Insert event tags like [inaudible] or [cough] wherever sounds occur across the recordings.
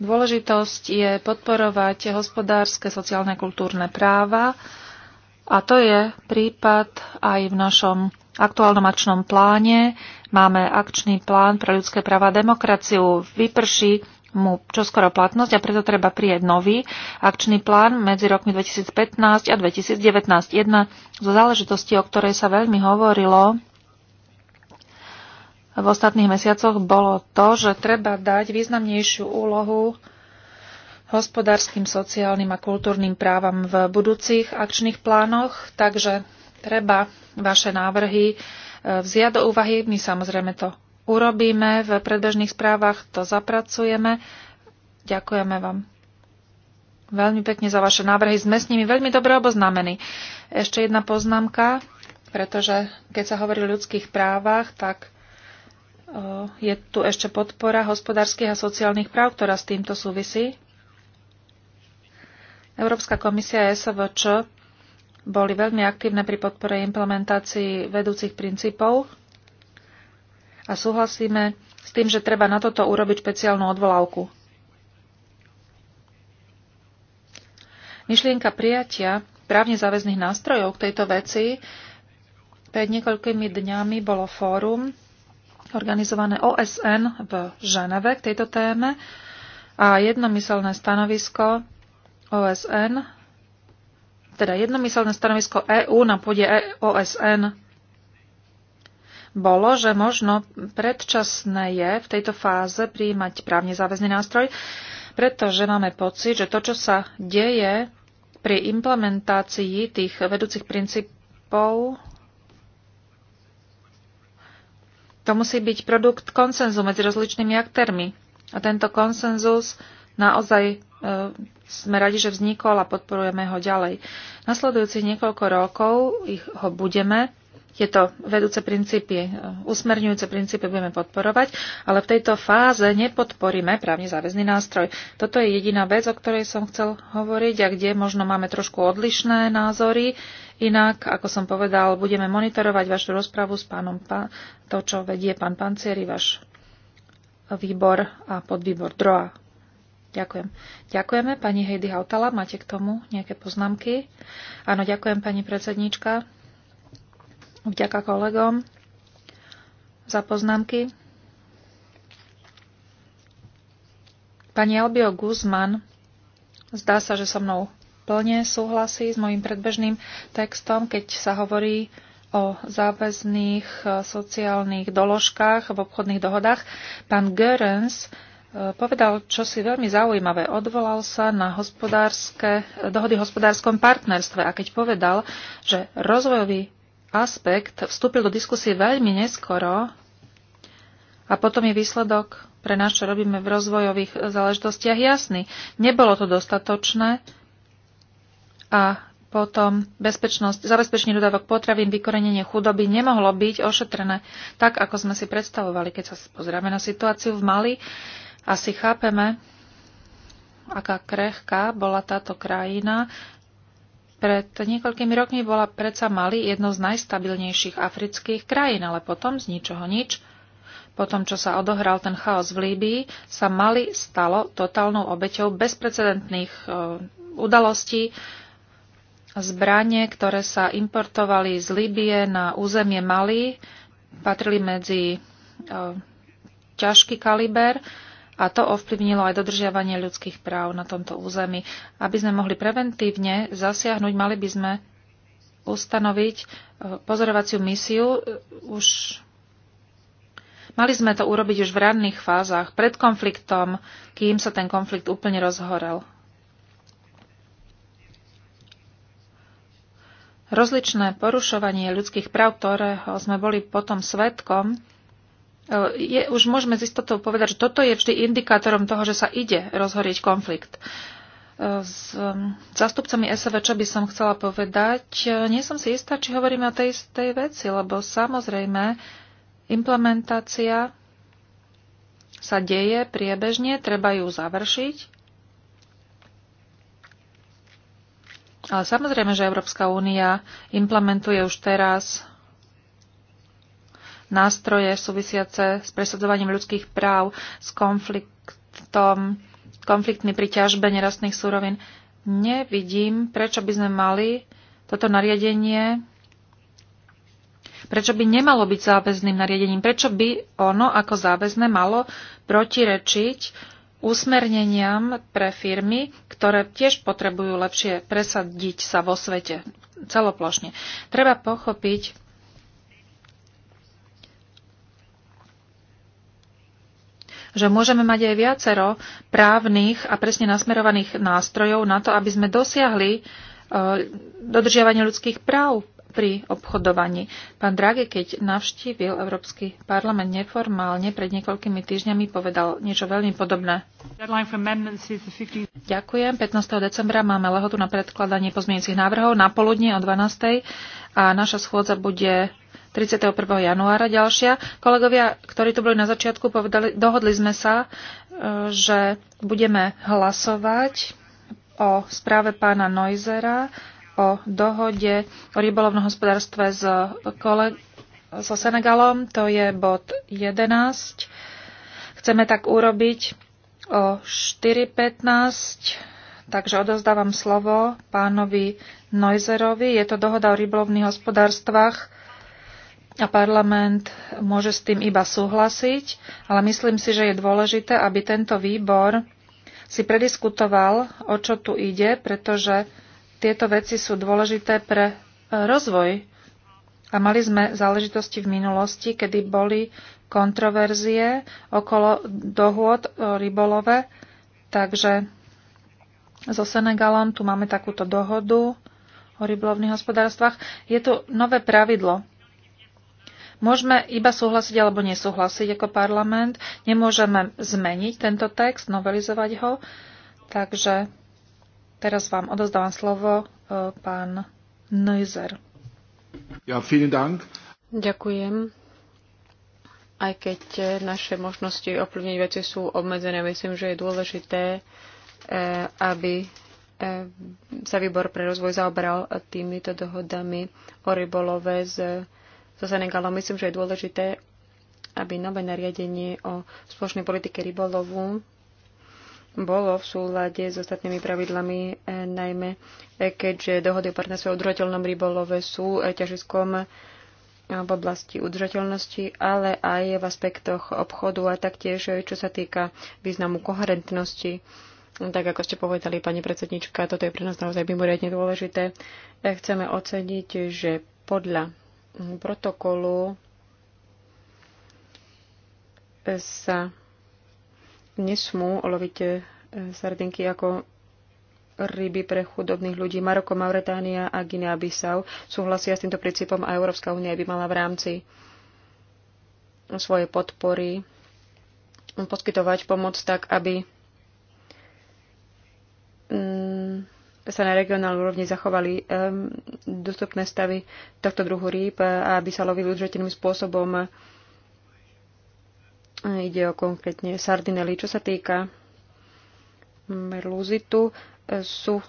Dôležitosť je podporovať hospodárske, sociálne, kultúrne práva a to je prípad aj v našom aktuálnom akčnom pláne. Máme akčný plán pre ľudské práva a demokraciu. Vyprší mu čoskoro platnosť a preto treba prijať nový akčný plán medzi rokmi 2015 a 2019. Jedna zo záležitostí, o ktorej sa veľmi hovorilo, v ostatných mesiacoch, bolo to, že treba dať významnejšiu úlohu hospodárskym, sociálnym a kultúrnym právam v budúcich akčných plánoch, takže treba vaše návrhy e, vziať do úvahy. My samozrejme to urobíme v predbežných správach, to zapracujeme. Ďakujeme vám veľmi pekne za vaše návrhy. Sme s nimi veľmi dobre oboznámení. Ešte jedna poznámka, pretože keď sa hovorí o ľudských právach, tak Eh, je tu ešte podpora hospodárskych a sociálnych práv, ktorá s týmto súvisí. Európska komisia a SVČ boli veľmi aktívne pri podpore implementácii vedúcich princípov a súhlasíme s tým, že treba na toto urobiť špeciálnu odvolávku. Myšlienka prijatia právne záväzných nástrojov k tejto veci pred niekoľkými dňami bolo fórum organizované OSN v Ženeve k tejto téme a jednomyselné stanovisko OSN, teda jednomyselné stanovisko EÚ na pôde e- OSN bolo, že možno predčasné je v tejto fáze prijímať právne záväzný nástroj, pretože máme pocit, že to, čo sa deje pri implementácii tých vedúcich princípov To musí byť produkt konsenzu medzi rozličnými aktérmi. A tento konsenzus naozaj e, sme radi, že vznikol a podporujeme ho ďalej. Nasledujúcich niekoľko rokov ich ho budeme tieto vedúce princípy, e, usmerňujúce princípy budeme podporovať, ale v tejto fáze nepodporíme právne záväzný nástroj. Toto je jediná vec, o ktorej som chcel hovoriť a kde možno máme trošku odlišné názory. Inak, ako som povedal, budeme monitorovať vašu rozpravu s pánom, pa, to, čo vedie pán Pancieri, váš výbor a podvýbor DROA. Ďakujem. Ďakujeme. Pani Heidi Hautala, máte k tomu nejaké poznámky? Áno, ďakujem, pani predsedníčka. Vďaka kolegom za poznámky. Pani Albio Guzman zdá sa, že so mnou plne súhlasí s mojim predbežným textom, keď sa hovorí o záväzných e, sociálnych doložkách v obchodných dohodách. Pán Görens e, povedal si veľmi zaujímavé. Odvolal sa na hospodárske, dohody o hospodárskom partnerstve a keď povedal, že rozvojový aspekt vstúpil do diskusie veľmi neskoro a potom je výsledok pre nás, čo robíme v rozvojových záležitostiach, jasný. Nebolo to dostatočné a potom bezpečnosť, zabezpečenie dodávok potravín, vykorenenie chudoby nemohlo byť ošetrené tak, ako sme si predstavovali. Keď sa pozrieme na situáciu v Mali, asi chápeme, aká krehká bola táto krajina pred niekoľkými rokmi bola predsa Mali jedno z najstabilnejších afrických krajín, ale potom z ničoho nič. Po čo sa odohral ten chaos v Líbii, sa Mali stalo totálnou obeťou bezprecedentných e, udalostí. Zbranie, ktoré sa importovali z Líbie na územie Mali, patrili medzi e, ťažký kaliber, a to ovplyvnilo aj dodržiavanie ľudských práv na tomto území. Aby sme mohli preventívne zasiahnuť, mali by sme ustanoviť e, pozorovaciu misiu e, už Mali sme to urobiť už v ranných fázach, pred konfliktom, kým sa ten konflikt úplne rozhorel. Rozličné porušovanie ľudských práv, ktorého sme boli potom svetkom, je, už môžeme z istotou povedať, že toto je vždy indikátorom toho, že sa ide rozhorieť konflikt. E, s SV, čo by som chcela povedať, e, nie som si istá, či hovoríme o tej istej veci, lebo samozrejme implementácia sa deje priebežne, treba ju završiť. Ale samozrejme, že Európska únia implementuje už teraz nástroje súvisiace s presadzovaním ľudských práv, s konfliktom, konfliktmi pri ťažbe nerastných súrovín. Nevidím, prečo by sme mali toto nariadenie, prečo by nemalo byť záväzným nariadením, prečo by ono ako záväzné malo protirečiť usmerneniam pre firmy, ktoré tiež potrebujú lepšie presadiť sa vo svete celoplošne. Treba pochopiť, že môžeme mať aj viacero právnych a presne nasmerovaných nástrojov na to, aby sme dosiahli e, dodržiavanie ľudských práv pri obchodovaní. Pán drage, keď navštívil Európsky parlament neformálne pred niekoľkými týždňami, povedal niečo veľmi podobné. Ďakujem. 15. decembra máme lehotu na predkladanie pozmienicích návrhov na poludne o 12. a naša schôdza bude 31. januára ďalšia. Kolegovia, ktorí tu boli na začiatku, povedali, dohodli sme sa, e, že budeme hlasovať o správe pána Noizera, o dohode o rybolovnom hospodárstve s, koleg- so Senegalom. To je bod 11. Chceme tak urobiť o 4.15 Takže odozdávam slovo pánovi Noizerovi. Je to dohoda o rybolovných hospodárstvách a parlament môže s tým iba súhlasiť, ale myslím si, že je dôležité, aby tento výbor si prediskutoval, o čo tu ide, pretože tieto veci sú dôležité pre e, rozvoj. A mali sme záležitosti v minulosti, kedy boli kontroverzie okolo dohôd o rybolove, takže so Senegalom tu máme takúto dohodu o rybolovných hospodárstvách. Je tu nové pravidlo, Môžeme iba súhlasiť alebo nesúhlasiť ako parlament. Nemôžeme zmeniť tento text, novelizovať ho. Takže teraz vám odozdávam slovo e, pán Neuser. Ja, vielen Dank. Ďakujem. Aj keď e, naše možnosti ovplyvniť veci sú obmedzené, myslím, že je dôležité, e, aby sa výbor pre rozvoj zaoberal týmito dohodami o rybolove z so Senegalom. Myslím, že je dôležité, aby nové nariadenie o spoločnej politike rybolovu bolo v súlade s ostatnými pravidlami, e, najmä e, keďže dohody o partnerstve o udržateľnom rybolove sú e, ťažiskom v oblasti udržateľnosti, ale aj v aspektoch obchodu a taktiež, čo sa týka významu koherentnosti. Tak ako ste povedali, pani predsednička, toto je pre nás naozaj mimoriadne dôležité. Chceme oceniť, že podľa protokolu e, sa nesmú loviť e, sardinky ako ryby pre chudobných ľudí. Maroko, Mauretánia a Guinea-Bissau súhlasia s týmto princípom a Európska únia by mala v rámci svojej podpory poskytovať pomoc tak, aby sa na regionálnej úrovni zachovali um, dostupné stavy tohto druhu rýb a aby sa lovili udržateľným spôsobom. Ide o konkrétne sardinely. Čo sa týka merluzitu, sú e,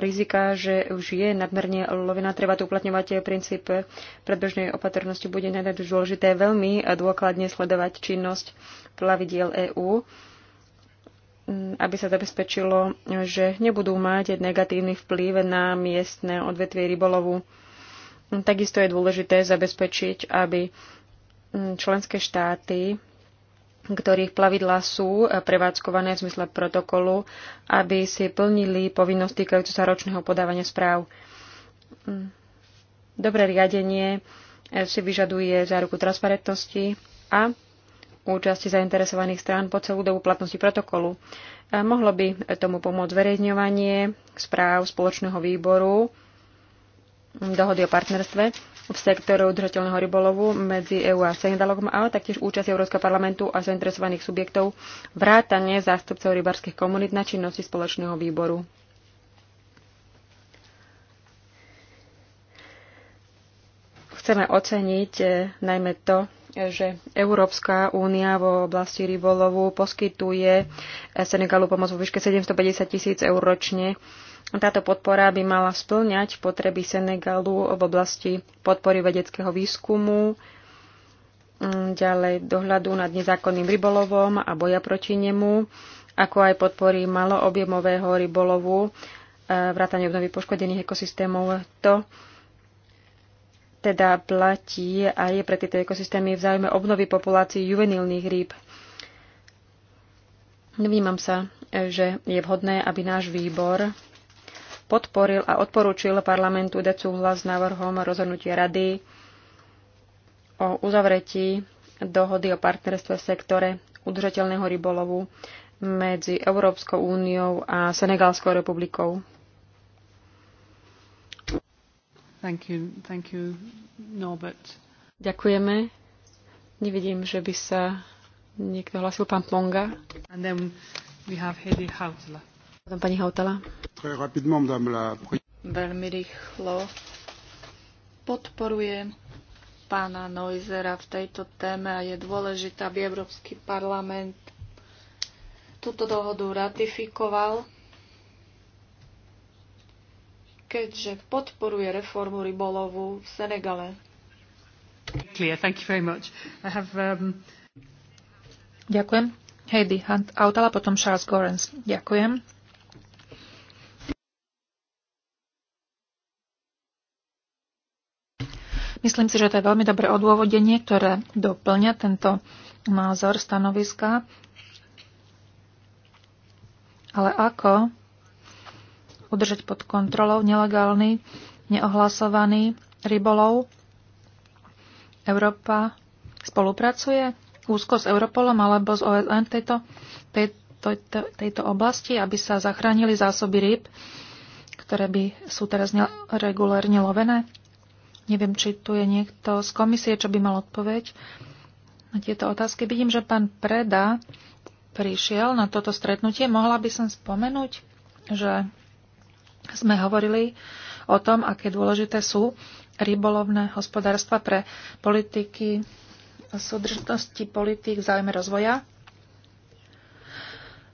rizika, že už je nadmerne lovená. Treba tu uplatňovať princíp predbežnej opatrnosti. Bude najdôležité veľmi dôkladne sledovať činnosť plavidiel EÚ. Mm, aby sa zabezpečilo, že nebudú mať negatívny vplyv na miestne odvetvie rybolovu. Takisto je dôležité zabezpečiť, aby mm, členské štáty, ktorých plavidlá sú eh, prevádzkované v zmysle protokolu, aby si plnili povinnosť týkajúcu sa ročného podávania správ. Mm. Dobré riadenie eh, si vyžaduje záruku transparentnosti a účasti zainteresovaných strán po celú dobu platnosti protokolu. E, mohlo by tomu pomôcť verejňovanie správ spoločného výboru dohody o partnerstve v sektoru udržateľného rybolovu medzi EÚ a Senegalom, ale taktiež účasť Európskeho parlamentu a zainteresovaných subjektov vrátane zástupcov rybarských komunít na činnosti spoločného výboru. Chceme oceniť e, najmä to, že Európska únia vo oblasti rybolovu poskytuje Senegalu pomoc vo výške 750 tisíc eur ročne. Táto podpora by mala splňať potreby Senegalu v oblasti podpory vedeckého výskumu, mm, ďalej dohľadu nad nezákonným rybolovom a boja proti nemu, ako aj podpory maloobjemového rybolovu, e, vrátanie obnovy poškodených ekosystémov. To teda platí aj pre tieto ekosystémy v záujme obnovy populácií juvenilných rýb. Vnímam sa, že je vhodné, aby náš výbor podporil a odporúčil parlamentu dať súhlas s návrhom rozhodnutia rady o uzavretí dohody o partnerstve v sektore udržateľného rybolovu medzi Európskou úniou a Senegalskou republikou. Thank you, thank you, Norbert. Ďakujeme. Nevidím, že by sa niekto hlasil pán Ponga. And then we have Heidi Hautala. Potom pani Hautala. Très rapidement, madame la... Veľmi rýchlo podporuje pána Noizera v tejto téme a je dôležité, aby Európsky parlament túto dohodu ratifikoval keďže podporuje reformu rybolovu v Senegale. Clear, thank you very much. I have, um... Ďakujem. Heidi Hunt Autala, potom Charles Gorens. Ďakujem. Myslím si, že to je veľmi dobré odôvodenie, ktoré doplňa tento názor stanoviska. Ale ako udržať pod kontrolou nelegálny, neohlasovaný rybolov. Európa spolupracuje úzko s Europolom alebo s OSN tejto, tejto, tejto oblasti, aby sa zachránili zásoby rýb, ktoré by sú teraz regulérne lovené. Neviem, či tu je niekto z komisie, čo by mal odpoveď na tieto otázky. Vidím, že pán Preda prišiel na toto stretnutie. Mohla by som spomenúť, že sme hovorili o tom, aké dôležité sú rybolovné hospodárstva pre politiky súdržnosti politik v rozvoja.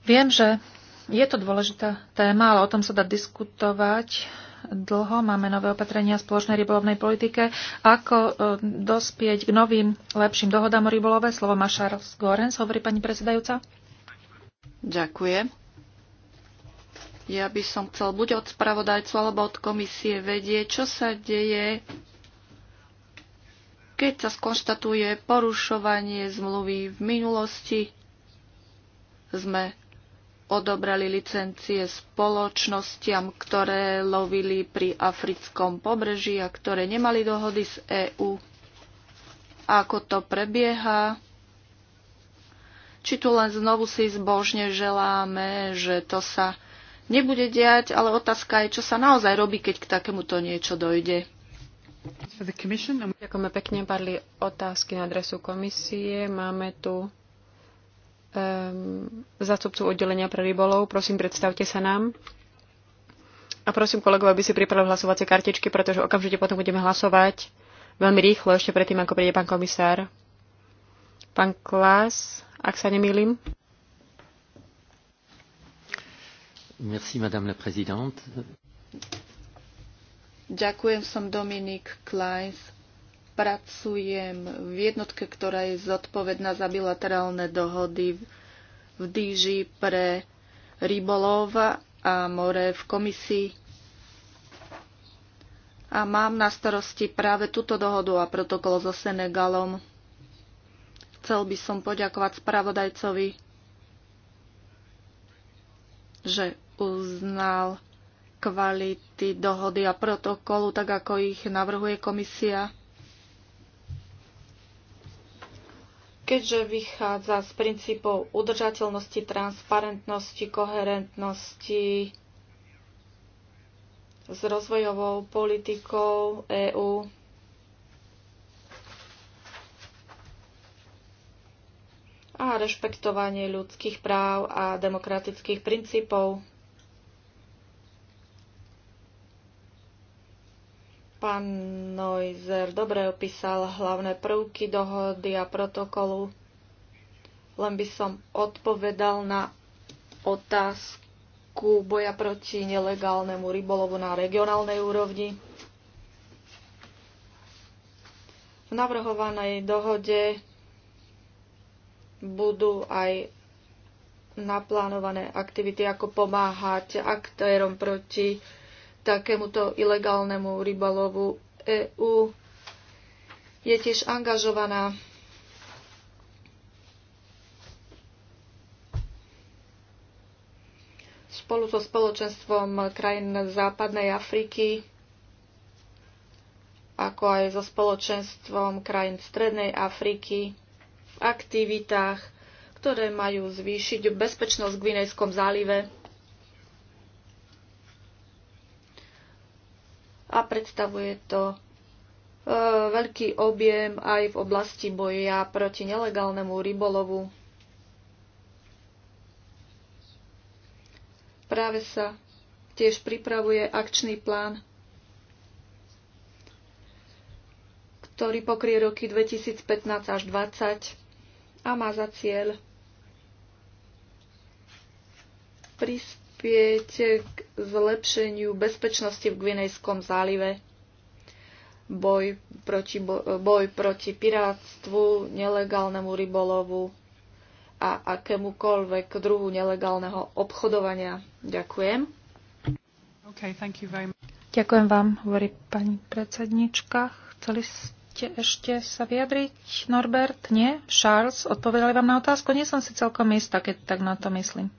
Viem, že je to dôležitá téma, ale o tom sa dá diskutovať dlho. Máme nové opatrenia spoločnej rybolovnej politike. Ako e, dospieť k novým, lepším dohodám o rybolove? Slovo má Charles Gorens, hovorí pani predsedajúca. Ďakujem. Ja by som chcel buď od spravodajcu alebo od komisie vedieť, čo sa deje, keď sa skonštatuje porušovanie zmluvy v minulosti. Sme odobrali licencie spoločnostiam, ktoré lovili pri africkom pobreží a ktoré nemali dohody z EÚ. Ako to prebieha? Či tu len znovu si zbožne želáme, že to sa nebude diať, ale otázka je, čo sa naozaj robí, keď k takémuto niečo dojde. Um, Ďakujeme pekne, padli otázky na adresu komisie. Máme tu um, zastupcu oddelenia pre rybolov. Prosím, predstavte sa nám. A prosím kolegov, aby si pripravili hlasovacie kartičky, pretože okamžite potom budeme hlasovať veľmi rýchlo, ešte predtým, ako príde pán komisár. Pán Klas, ak sa nemýlim. Ďakujem, som Dominik Kleins. Pracujem v jednotke, ktorá je zodpovedná za bilaterálne dohody v DG pre rybolov a more v komisii. A mám na starosti práve túto dohodu a protokol so Senegalom. Chcel by som poďakovať spravodajcovi že uznal kvality dohody a protokolu, tak ako ich navrhuje komisia? Keďže vychádza z princípov udržateľnosti, transparentnosti, koherentnosti s rozvojovou politikou EÚ, a rešpektovanie ľudských práv a demokratických princípov. Pán Neuser dobre opísal hlavné prvky dohody a protokolu. Len by som odpovedal na otázku boja proti nelegálnemu rybolovu na regionálnej úrovni. V navrhovanej dohode budú aj naplánované aktivity, ako pomáhať aktérom proti takémuto ilegálnemu rybalovu. EÚ je tiež angažovaná spolu so spoločenstvom krajín západnej Afriky ako aj so spoločenstvom krajín Strednej Afriky aktivitách, ktoré majú zvýšiť bezpečnosť v Gvinejskom zálive a predstavuje to e, veľký objem aj v oblasti boja proti nelegálnemu rybolovu. Práve sa tiež pripravuje akčný plán, ktorý pokrie roky 2015 až 2020 a má za cieľ prispieť k zlepšeniu bezpečnosti v Gvinejskom zálive, boj proti, boj proti pirátstvu, nelegálnemu rybolovu a akémukoľvek druhu nelegálneho obchodovania. Ďakujem. Okay, thank you very much. Ďakujem vám, hovorí pani predsednička. Chceli ste chcete ešte sa vyjadriť, Norbert? Nie? Charles, odpovedali vám na otázku? Nie som si celkom istá, keď tak na to myslím.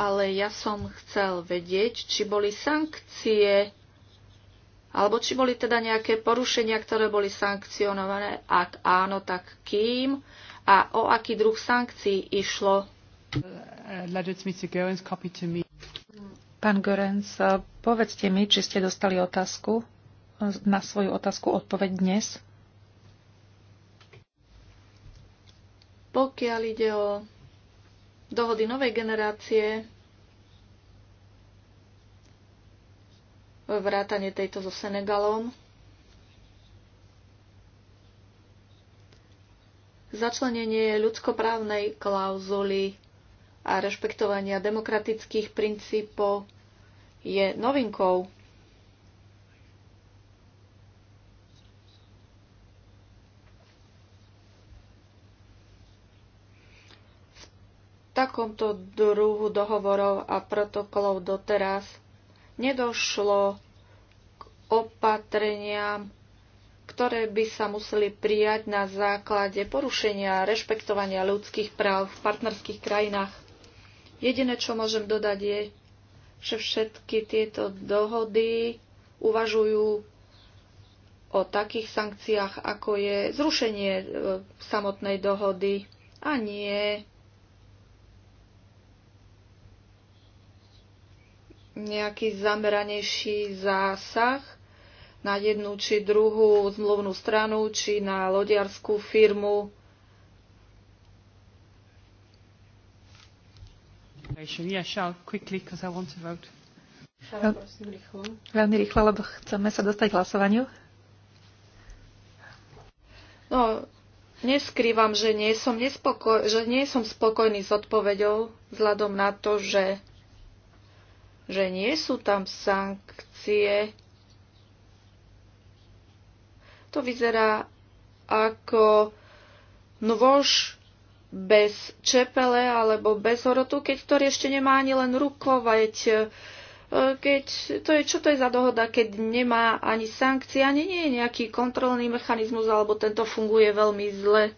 Ale ja som chcel vedieť, či boli sankcie, alebo či boli teda nejaké porušenia, ktoré boli sankcionované. Ak áno, tak kým a o aký druh sankcií išlo. Pán Gorenc, povedzte mi, či ste dostali otázku na svoju otázku odpoveď dnes? Pokiaľ ide o dohody novej generácie, vrátanie tejto so Senegalom, začlenenie ľudskoprávnej klauzuly a rešpektovania demokratických princípov je novinkou takomto druhu dohovorov a protokolov doteraz nedošlo k opatreniam, ktoré by sa museli prijať na základe porušenia rešpektovania ľudských práv v partnerských krajinách. Jediné, čo môžem dodať, je, že všetky tieto dohody uvažujú o takých sankciách, ako je zrušenie e, samotnej dohody a nie nejaký zameranejší zásah na jednu či druhú zmluvnú stranu, či na lodiarskú firmu. Yeah, Charles, quickly, because I want to vote. Veľmi rýchlo, lebo chceme sa dostať k hlasovaniu. No, neskrývam, že nie som, nespoko- že nie som spokojný s odpoveďou, vzhľadom na to, že že nie sú tam sankcie. To vyzerá ako nôž bez čepele alebo bez horotu, keď ktorý ešte nemá ani len rukovať. E, keď, to je, čo to je za dohoda, keď nemá ani sankcie, ani nie je nejaký kontrolný mechanizmus, alebo tento funguje veľmi zle.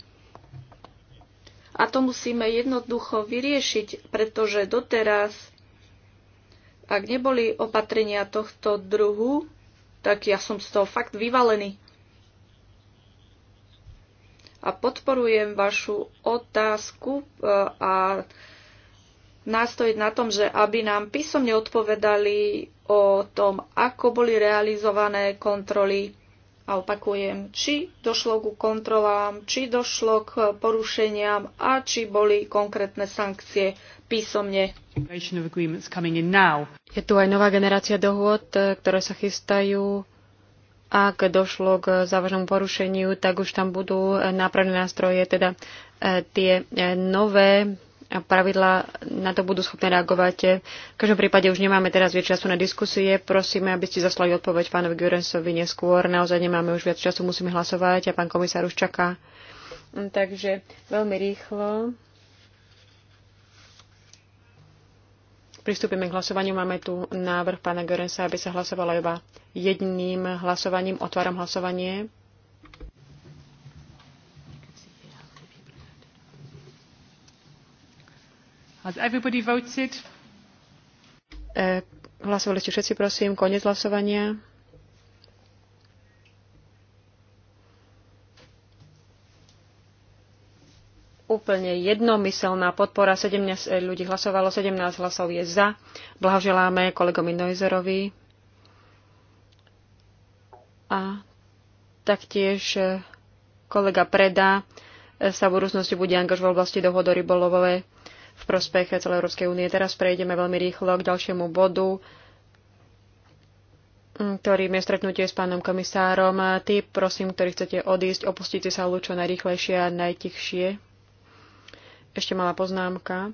A to musíme jednoducho vyriešiť, pretože doteraz ak neboli opatrenia tohto druhu, tak ja som z toho fakt vyvalený. A podporujem vašu otázku e, a nástojiť na tom, že aby nám písomne odpovedali o tom, ako boli realizované kontroly. A opakujem, či došlo ku kontrolám, či došlo k porušeniam a či boli konkrétne sankcie písomne. Je tu aj nová generácia dohôd, e, ktoré sa chystajú. Ak došlo k závažnému porušeniu, tak už tam budú e, nápravné nástroje, teda e, tie nové pravidla na to budú schopné reagovať. V každom prípade už nemáme teraz viac času na diskusie. Prosíme, aby ste zaslali odpoveď pánovi Gurensovi neskôr. Naozaj nemáme už viac času, musíme hlasovať a pán komisár už čaká. Hm, takže veľmi rýchlo. Pristúpime k hlasovaniu. Máme tu návrh pána Görensa, aby sa hlasovalo iba jedným hlasovaním. Otváram hlasovanie. Has everybody voted? Eh, hlasovali ste všetci, prosím. Konec hlasovania. úplne jednomyselná podpora. 17 e, ľudí hlasovalo, 17 hlasov je za. Blahoželáme kolegovi Noizerovi. A taktiež e, kolega Preda e, sa v budúcnosti bude angažovať v oblasti dohod o rybolovove v prospech celej Európskej únie. Teraz prejdeme veľmi rýchlo k ďalšiemu bodu ktorým je stretnutie s pánom komisárom. Ty, prosím, ktorí chcete odísť, opustite sa lu najrychlejšie a najtichšie. Ešte malá poznámka.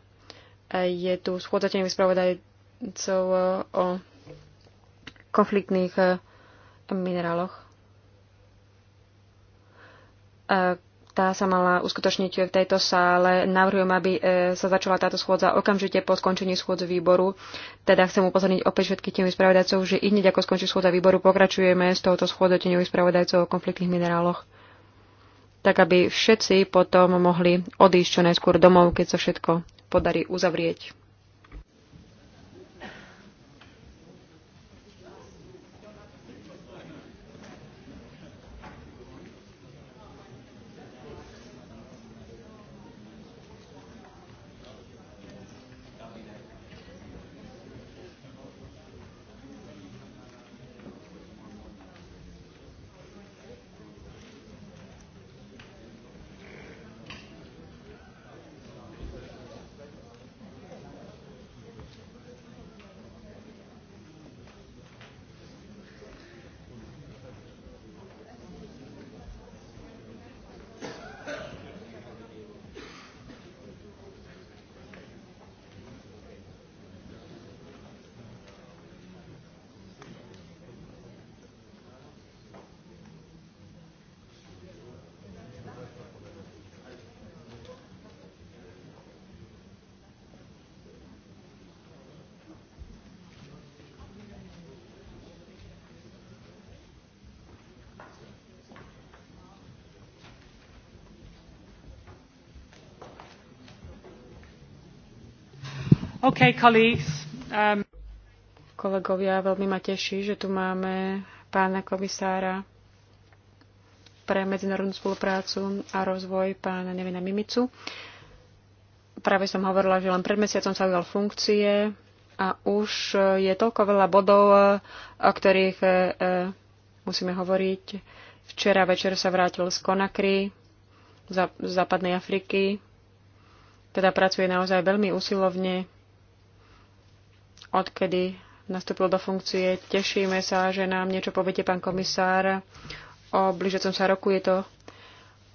Je tu schôdzateľný spravodajcov e, o konfliktných e, mineráloch. E, tá sa mala uskutočniť v tejto sále. Navrhujem, aby sa začala táto schôdza okamžite po skončení schôdze výboru. Teda chcem upozorniť opäť všetkých tým vyspravodajcov, že i hneď ako skončí schôdza výboru, pokračujeme s touto schôdzateľným vyspravodajcov spravodajcov o konfliktných mineráloch tak aby všetci potom mohli odísť čo najskôr domov, keď sa všetko podarí uzavrieť. Okay, colleagues. Um... Kolegovia, veľmi ma teší, že tu máme pána komisára pre medzinárodnú spoluprácu a rozvoj pána Nevina Mimicu. Práve som hovorila, že len pred mesiacom sa ujal funkcie a už je toľko veľa bodov, eh, o ktorých eh, eh, musíme hovoriť. Včera večer sa vrátil z Konakry, z západnej Afriky, teda pracuje naozaj veľmi usilovne odkedy nastúpil do funkcie. Tešíme sa, že nám niečo poviete, pán komisár. O blížiacom sa roku je to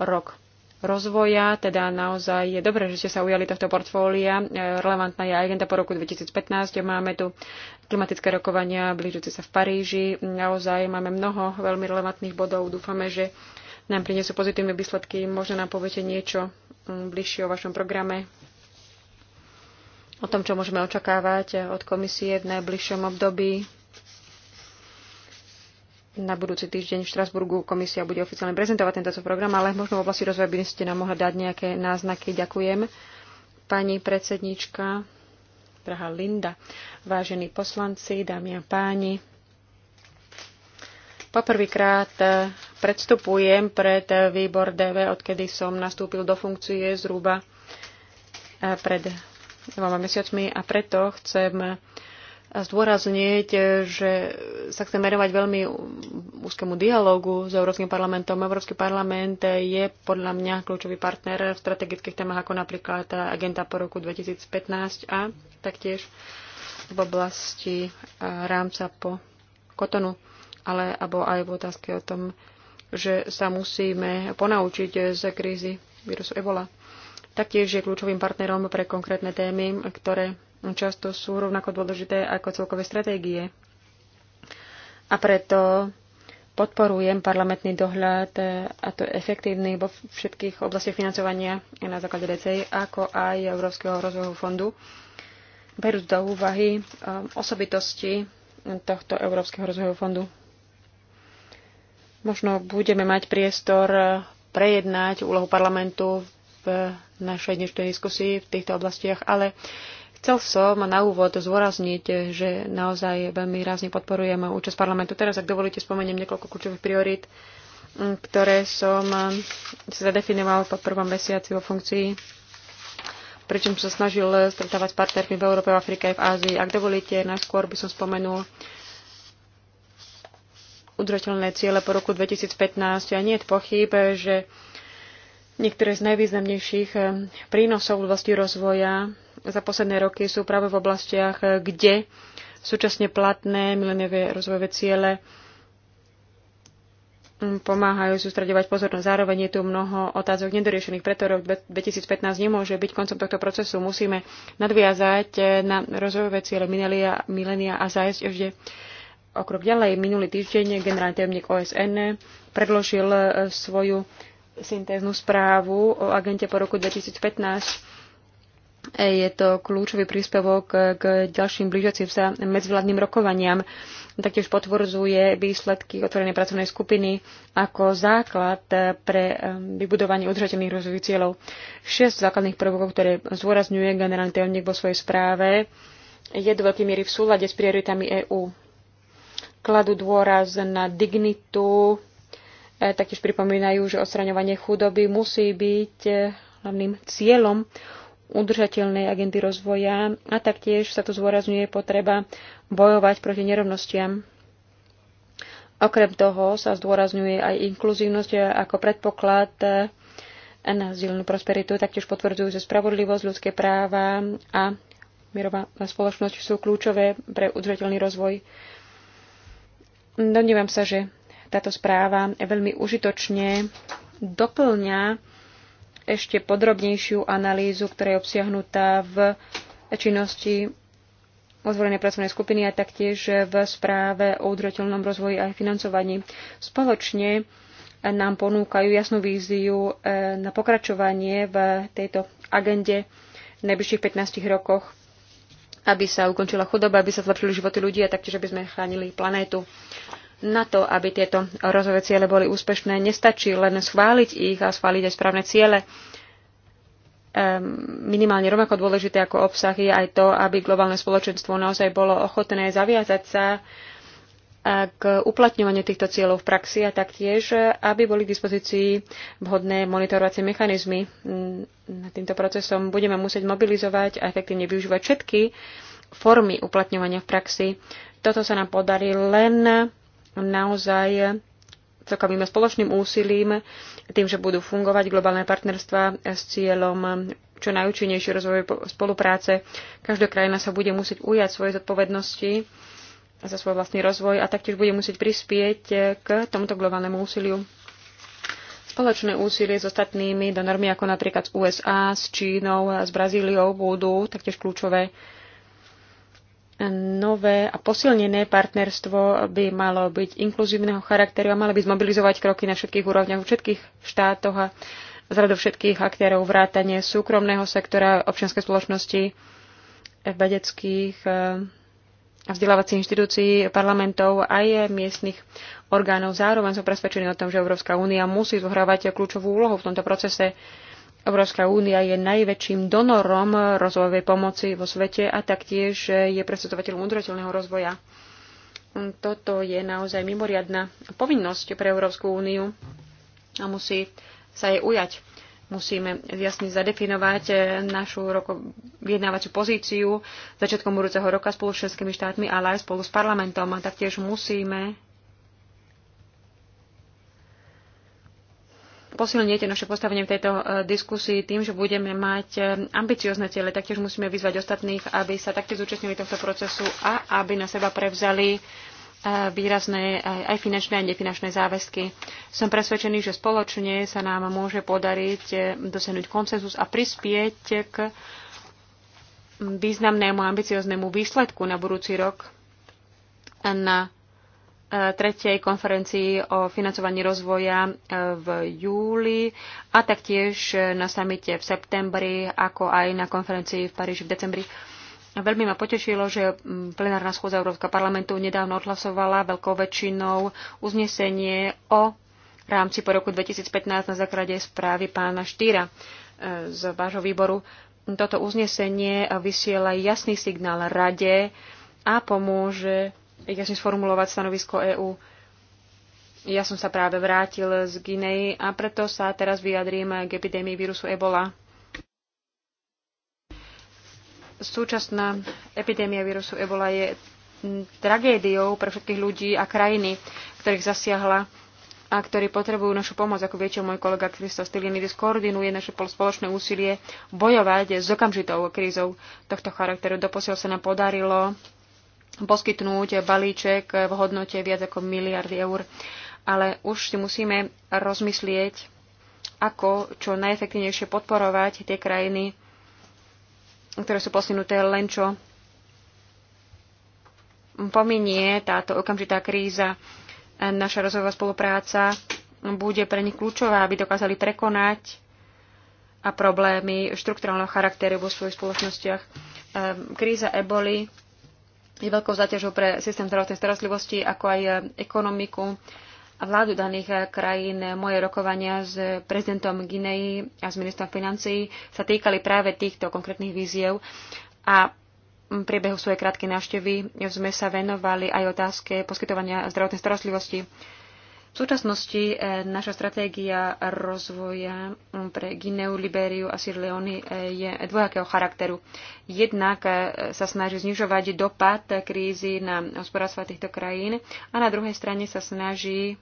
rok rozvoja, teda naozaj je dobré, že ste sa ujali tohto portfólia. E, relevantná je agenda po roku 2015. Máme tu klimatické rokovania blížiace sa v Paríži. Naozaj máme mnoho veľmi relevantných bodov. Dúfame, že nám prinesú pozitívne výsledky. Možno nám poviete niečo mm, bližšie o vašom programe o tom, čo môžeme očakávať od komisie v najbližšom období. Na budúci týždeň v Štrasburgu komisia bude oficiálne prezentovať tento program, ale možno v oblasti rozvoja by ste nám mohli dať nejaké náznaky. Ďakujem. Pani predsednička, drahá Linda, vážení poslanci, dámy a páni, Poprvýkrát predstupujem pred výbor DV, odkedy som nastúpil do funkcie zhruba pred dvoma mesiacmi a preto chcem zdôrazniť, že sa chcem merovať veľmi úzkému dialogu s Európskym parlamentom. Európsky parlament je podľa mňa kľúčový partner v strategických témach ako napríklad tá agenda po roku 2015 a taktiež v oblasti rámca po kotonu, ale alebo aj v otázke o tom, že sa musíme ponaučiť z krízy vírusu Ebola. Taktiež je kľúčovým partnerom pre konkrétne témy, ktoré často sú rovnako dôležité ako celkové stratégie. A preto podporujem parlamentný dohľad, a to je efektívny vo všetkých oblastiach financovania na základe DCI, ako aj Európskeho rozvojového fondu, berú do úvahy um, osobitosti tohto Európskeho rozvojového fondu. Možno budeme mať priestor uh, prejednať úlohu parlamentu v v našej dnešnej diskusii v týchto oblastiach, ale chcel som na úvod zdôrazniť, že naozaj veľmi rázne podporujem účasť parlamentu. Teraz, ak dovolíte, spomeniem niekoľko kľúčových priorít, ktoré som zadefinoval po prvom mesiaci vo funkcii pričom sa snažil stretávať s partnermi v Európe, v Afrike aj v Ázii. Ak dovolíte, najskôr by som spomenul udržateľné ciele po roku 2015. A nie je pochyb, že Niektoré z najvýznamnejších eh, prínosov v oblasti rozvoja za posledné roky sú práve v oblastiach, eh, kde súčasne platné milenové rozvojové ciele hm, pomáhajú sústredovať pozornosť. Zároveň je tu mnoho otázok nedoriešených, preto rok 2015 nemôže byť koncom tohto procesu. Musíme nadviazať eh, na rozvojové ciele milenia a zájsť ešte o krok ďalej. Minulý týždeň generálny tajomník OSN predložil svoju syntéznu správu o agente po roku 2015. Je to kľúčový príspevok k ďalším blížiacim sa medzvládnym rokovaniam. Taktiež potvrdzuje výsledky otvorenej pracovnej skupiny ako základ pre ehm, vybudovanie udržateľných rozvojových cieľov. Šesť základných prvokov, ktoré zúrazňuje generálny tajomník vo svojej správe, je do veľkej miery v súlade s prioritami EÚ. Kladú dôraz na dignitu, E, taktiež pripomínajú, že odstraňovanie chudoby musí byť e, hlavným cieľom udržateľnej agendy rozvoja a taktiež sa tu zdôrazňuje potreba bojovať proti nerovnostiam. Okrem toho sa zdôrazňuje aj inkluzívnosť ako predpoklad e, na zilnú prosperitu, taktiež potvrdzujú, že spravodlivosť, ľudské práva a mierová spoločnosť sú kľúčové pre udržateľný rozvoj. Domnievam sa, že táto správa veľmi užitočne doplňa ešte podrobnejšiu analýzu, ktorá je obsiahnutá v činnosti ozvolenej pracovnej skupiny a taktiež v správe o udržateľnom rozvoji a financovaní. Spoločne nám ponúkajú jasnú víziu e, na pokračovanie v tejto agende v najbližších 15 rokoch, aby sa ukončila chudoba, aby sa zlepšili životy ľudí a taktiež, aby sme chránili planétu. Na to, aby tieto rozvojové ciele boli úspešné, nestačí len schváliť ich a schváliť aj správne ciele. Ehm, minimálne rovnako dôležité ako obsah je aj to, aby globálne spoločenstvo naozaj bolo ochotné zaviazať sa k uplatňovaniu týchto cieľov v praxi a taktiež, aby boli k dispozícii vhodné monitorovacie mechanizmy mm, týmto procesom. Budeme musieť mobilizovať a efektívne využívať všetky formy uplatňovania v praxi. Toto sa nám podarí len naozaj celkovým spoločným úsilím, tým, že budú fungovať globálne partnerstva s cieľom čo najúčinnejšie rozvoj spolupráce. Každá krajina sa bude musieť ujať svoje zodpovednosti za svoj vlastný rozvoj a taktiež bude musieť prispieť k tomuto globálnemu úsiliu. Spoločné úsilie s ostatnými donormi, ako napríklad z USA, s Čínou a s Brazíliou, budú taktiež kľúčové Nové a posilnené partnerstvo by malo byť inkluzívneho charakteru a malo by zmobilizovať kroky na všetkých úrovniach, v všetkých štátoch a z radu všetkých aktérov vrátanie súkromného sektora, občianskej spoločnosti, vedeckých eh, a vzdelávacích inštitúcií, parlamentov aj miestnych orgánov. Zároveň som presvedčený o tom, že Európska únia musí zohrávať kľúčovú úlohu v tomto procese Európska únia je najväčším donorom rozvojovej pomoci vo svete a taktiež je predstavovateľom udržateľného rozvoja. Toto je naozaj mimoriadná povinnosť pre Európsku úniu a musí sa jej ujať. Musíme jasne zadefinovať eh, našu vyjednávaciu pozíciu začiatkom budúceho roka spolu s členskými štátmi, ale aj spolu s parlamentom. A taktiež musíme posilníte naše postavenie v tejto e, diskusii tým, že budeme mať e, ambiciozne ciele. Taktiež musíme vyzvať ostatných, aby sa taktiež zúčastnili tohto procesu a aby na seba prevzali e, výrazné aj finančné, aj nefinančné záväzky. Som presvedčený, že spoločne sa nám môže podariť dosiahnuť koncenzus a prispieť k významnému ambicioznému výsledku na budúci rok na tretej konferencii o financovaní rozvoja e, v júli a taktiež e, na samite v septembri, ako aj na konferencii v Paríži v decembri. Veľmi ma potešilo, že plenárna schôdza Európskeho parlamentu nedávno odhlasovala veľkou väčšinou uznesenie o rámci po roku 2015 na základe správy pána Štýra e, z vášho výboru. Toto uznesenie vysiela jasný signál rade a pomôže jasne sformulovať stanovisko EÚ. Ja som sa práve vrátil z Gineji a preto sa teraz vyjadrím k epidémii vírusu Ebola. Súčasná epidémia vírusu Ebola je tragédiou pre všetkých ľudí a krajiny, ktorých zasiahla a ktorí potrebujú našu pomoc. Ako viete, môj kolega Krista Stylianidis koordinuje naše spoločné úsilie bojovať s okamžitou krízou tohto charakteru. Doposiaľ sa nám podarilo poskytnúť balíček v hodnote viac ako miliardy eur. Ale už si musíme rozmyslieť, ako čo najefektívnejšie podporovať tie krajiny, ktoré sú posunuté len čo pominie táto okamžitá kríza. Naša rozvojová spolupráca bude pre nich kľúčová, aby dokázali prekonať a problémy štruktúrálneho charakteru vo svojich spoločnostiach. Ehm, kríza eboli je veľkou záťažou pre systém zdravotnej starostlivosti, ako aj eh, ekonomiku a vládu daných eh, krajín. Moje rokovania s prezidentom Guinei a s ministrom financií sa týkali práve týchto konkrétnych víziev a v priebehu svojej krátkej návštevy sme sa venovali aj otázke poskytovania zdravotnej starostlivosti v súčasnosti e, naša stratégia rozvoja mm, pre Gineu, Liberiu a Sierra Leone e, je dvojakého charakteru. Jednak e, sa snaží znižovať dopad krízy na hospodárstva týchto krajín a na druhej strane sa snaží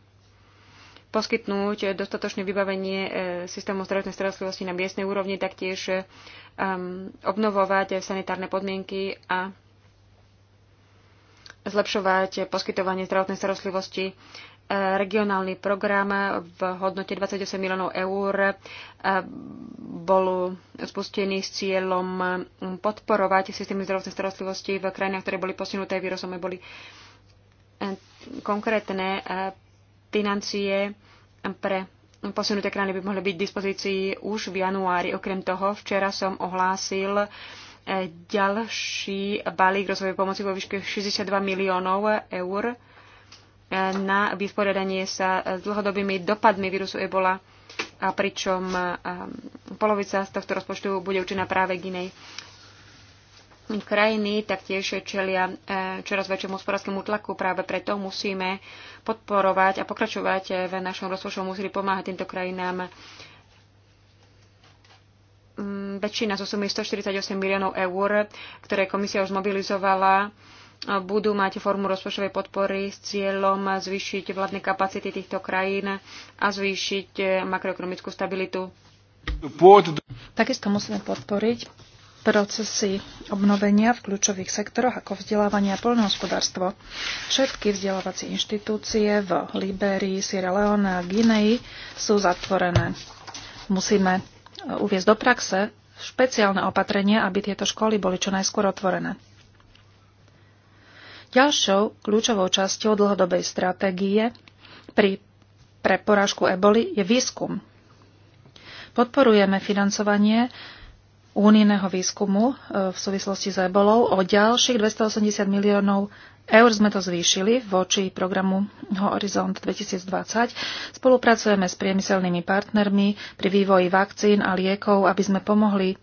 poskytnúť dostatočné vybavenie systému zdravotnej starostlivosti na miestnej úrovni, taktiež obnovovať sanitárne podmienky a zlepšovať poskytovanie zdravotnej starostlivosti regionálny program v hodnote 28 miliónov eur eh, bol spustený s cieľom mm, podporovať systémy zdravotnej starostlivosti v krajinách, ktoré boli posunuté vírusom, boli eh, konkrétne eh, financie pre posunuté krajiny by mohli byť v dispozícii už v januári. Okrem toho, včera som ohlásil ďalší balík rozvojovej pomoci vo výške 62 miliónov eur na vysporiadanie sa s dlhodobými dopadmi vírusu ebola, a pričom polovica z tohto rozpočtu bude určená práve Ginej. Krajiny taktiež čelia e, čoraz väčšiemu hospodárskému tlaku, práve preto musíme podporovať a pokračovať v našom rozpočtu, musíme pomáhať týmto krajinám mm, väčšina zo sumy 148 miliónov eur, ktoré komisia už mobilizovala, budú mať formu rozpočtovej podpory s cieľom zvýšiť vládne kapacity týchto krajín a zvýšiť eh, makroekonomickú stabilitu. Takisto musíme podporiť procesy obnovenia v kľúčových sektoroch ako vzdelávanie a poľnohospodárstvo. Všetky vzdelávacie inštitúcie v Liberii, Sierra Leone a Guinei sú zatvorené. Musíme eh, uviezť do praxe špeciálne opatrenia, aby tieto školy boli čo najskôr otvorené. Ďalšou kľúčovou časťou dlhodobej stratégie pri, pre porážku eboli je výskum. Podporujeme financovanie únijného výskumu e, v súvislosti s ebolou. O ďalších 280 miliónov eur sme to zvýšili voči programu Horizont 2020. Spolupracujeme s priemyselnými partnermi pri vývoji vakcín a liekov, aby sme pomohli e,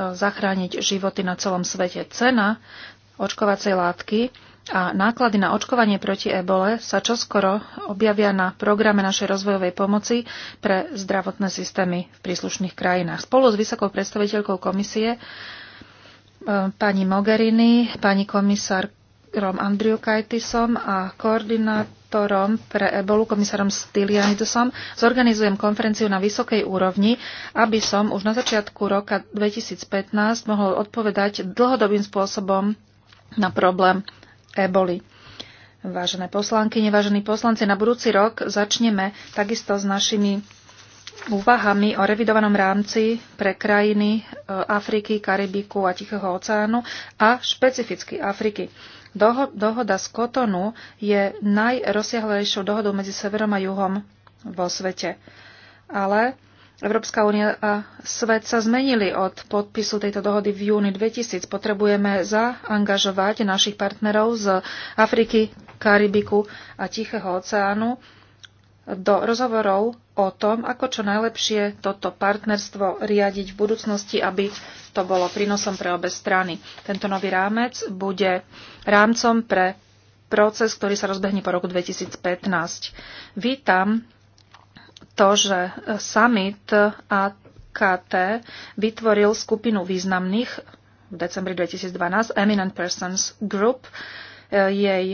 zachrániť životy na celom svete. Cena očkovacej látky a náklady na očkovanie proti ebole sa čoskoro objavia na programe našej rozvojovej pomoci pre zdravotné systémy v príslušných krajinách. Spolu s vysokou predstaviteľkou komisie e, pani Mogherini, pani komisárom Andriu Kajtisom a koordinátorom pre ebolu, komisárom Stylianidusom, zorganizujem konferenciu na vysokej úrovni, aby som už na začiatku roka 2015 mohol odpovedať dlhodobým spôsobom na problém eboli. Vážené poslanky, nevážení poslanci, na budúci rok začneme takisto s našimi úvahami o revidovanom rámci pre krajiny e, Afriky, Karibiku a Tichého oceánu a špecificky Afriky. Dohoda z Kotonu je najrozsiahlejšou dohodou medzi severom a juhom vo svete. Ale Európska únia a svet sa zmenili od podpisu tejto dohody v júni 2000. Potrebujeme zaangažovať našich partnerov z Afriky, Karibiku a Tichého oceánu do rozhovorov o tom, ako čo najlepšie toto partnerstvo riadiť v budúcnosti, aby to bolo prínosom pre obe strany. Tento nový rámec bude rámcom pre proces, ktorý sa rozbehne po roku 2015. Vítam to, že summit AKT vytvoril skupinu významných v decembri 2012 Eminent Persons Group. E, jej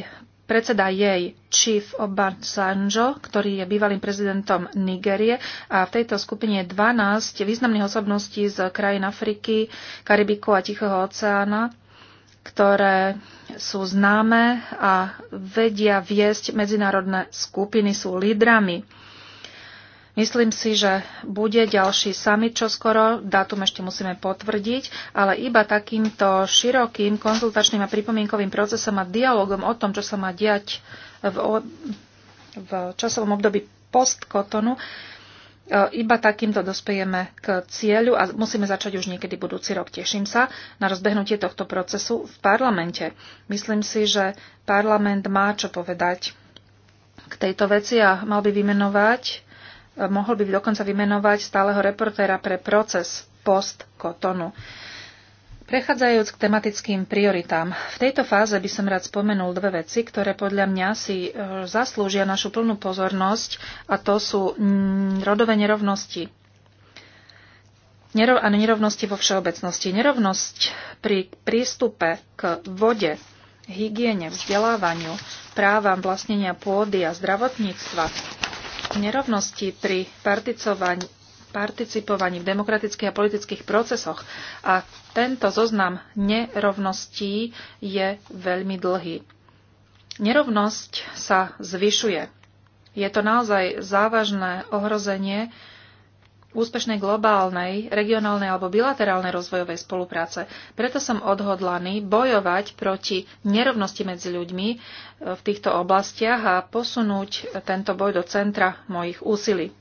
predseda jej Chief Obasanjo, ktorý je bývalým prezidentom Nigerie, a v tejto skupine je 12 významných osobností z krajín Afriky, Karibiku a Tichého oceána, ktoré sú známe a vedia viesť medzinárodné skupiny, sú lídrami. Myslím si, že bude ďalší summit čoskoro, dátum ešte musíme potvrdiť, ale iba takýmto širokým konzultačným a pripomienkovým procesom a dialogom o tom, čo sa má diať v, v časovom období postkotonu, e, iba takýmto dospejeme k cieľu a musíme začať už niekedy budúci rok. Teším sa na rozbehnutie tohto procesu v parlamente. Myslím si, že parlament má čo povedať k tejto veci a mal by vymenovať mohol by dokonca vymenovať stáleho reportéra pre proces post Kotonu. Prechádzajúc k tematickým prioritám, v tejto fáze by som rád spomenul dve veci, ktoré podľa mňa si e, zaslúžia našu plnú pozornosť a to sú mm, rodové nerovnosti a nerovnosti vo všeobecnosti. Nerovnosť pri prístupe k vode, hygiene, vzdelávaniu, právam vlastnenia pôdy a zdravotníctva nerovnosti pri participovaní v demokratických a politických procesoch. A tento zoznam nerovností je veľmi dlhý. Nerovnosť sa zvyšuje. Je to naozaj závažné ohrozenie úspešnej globálnej, regionálnej alebo bilaterálnej rozvojovej spolupráce. Preto som odhodlaný bojovať proti nerovnosti medzi ľuďmi e, v týchto oblastiach a posunúť tento boj do centra mojich úsilí.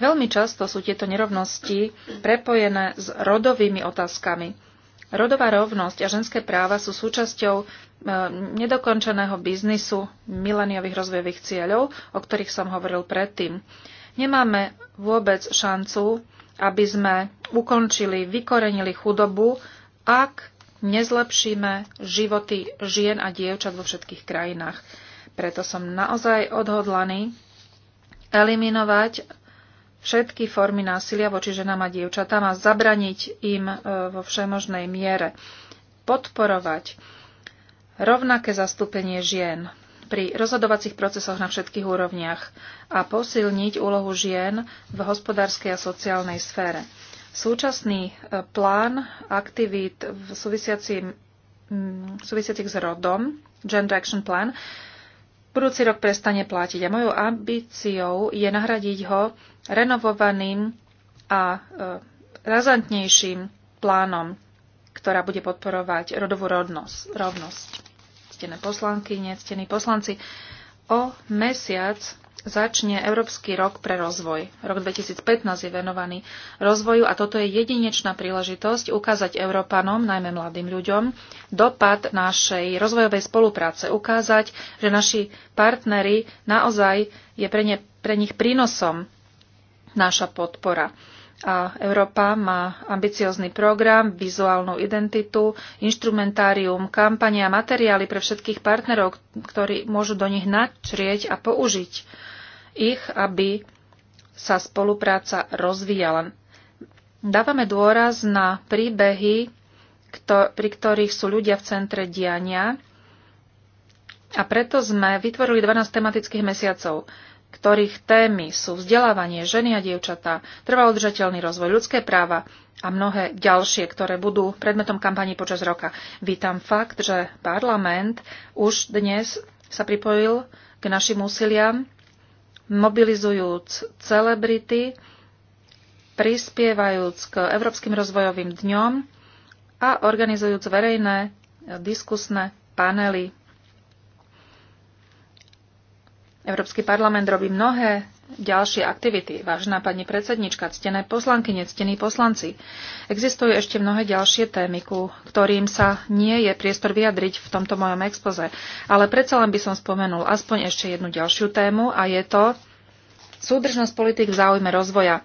Veľmi často sú tieto nerovnosti prepojené s rodovými otázkami. Rodová rovnosť a ženské práva sú súčasťou e, nedokončeného biznisu mileniových rozvojových cieľov, o ktorých som hovoril predtým. Nemáme vôbec šancu, aby sme ukončili, vykorenili chudobu, ak nezlepšíme životy žien a dievčat vo všetkých krajinách. Preto som naozaj odhodlaný eliminovať všetky formy násilia voči ženám a dievčatám a zabraniť im e, vo všemožnej miere. Podporovať rovnaké zastúpenie žien pri rozhodovacích procesoch na všetkých úrovniach a posilniť úlohu žien v hospodárskej a sociálnej sfére. Súčasný e, plán aktivít v súvisiacich s rodom, Gender Action Plan, budúci rok prestane platiť a mojou ambíciou je nahradiť ho renovovaným a e, razantnejším plánom, ktorá bude podporovať rodovú rovnosť ctené poslankyne, ctení poslanci. O mesiac začne Európsky rok pre rozvoj. Rok 2015 je venovaný rozvoju a toto je jedinečná príležitosť ukázať Európanom, najmä mladým ľuďom, dopad našej rozvojovej spolupráce. Ukázať, že naši partnery naozaj je pre, ne, pre nich prínosom naša podpora a Európa má ambiciózny program, vizuálnu identitu, inštrumentárium, kampania a materiály pre všetkých partnerov, ktorí môžu do nich načrieť a použiť ich, aby sa spolupráca rozvíjala. Dávame dôraz na príbehy, pri ktorých sú ľudia v centre diania a preto sme vytvorili 12 tematických mesiacov ktorých témy sú vzdelávanie ženy a dievčatá, trvalodržateľný rozvoj, ľudské práva a mnohé ďalšie, ktoré budú predmetom kampani počas roka. Vítam fakt, že parlament už dnes sa pripojil k našim úsiliam, mobilizujúc celebrity, prispievajúc k Európskym rozvojovým dňom a organizujúc verejné diskusné panely Európsky parlament robí mnohé ďalšie aktivity. Vážená pani predsednička, ctené poslanky, nectení poslanci, existujú ešte mnohé ďalšie témy, ku ktorým sa nie je priestor vyjadriť v tomto mojom expoze. Ale predsa len by som spomenul aspoň ešte jednu ďalšiu tému a je to súdržnosť politik v záujme rozvoja.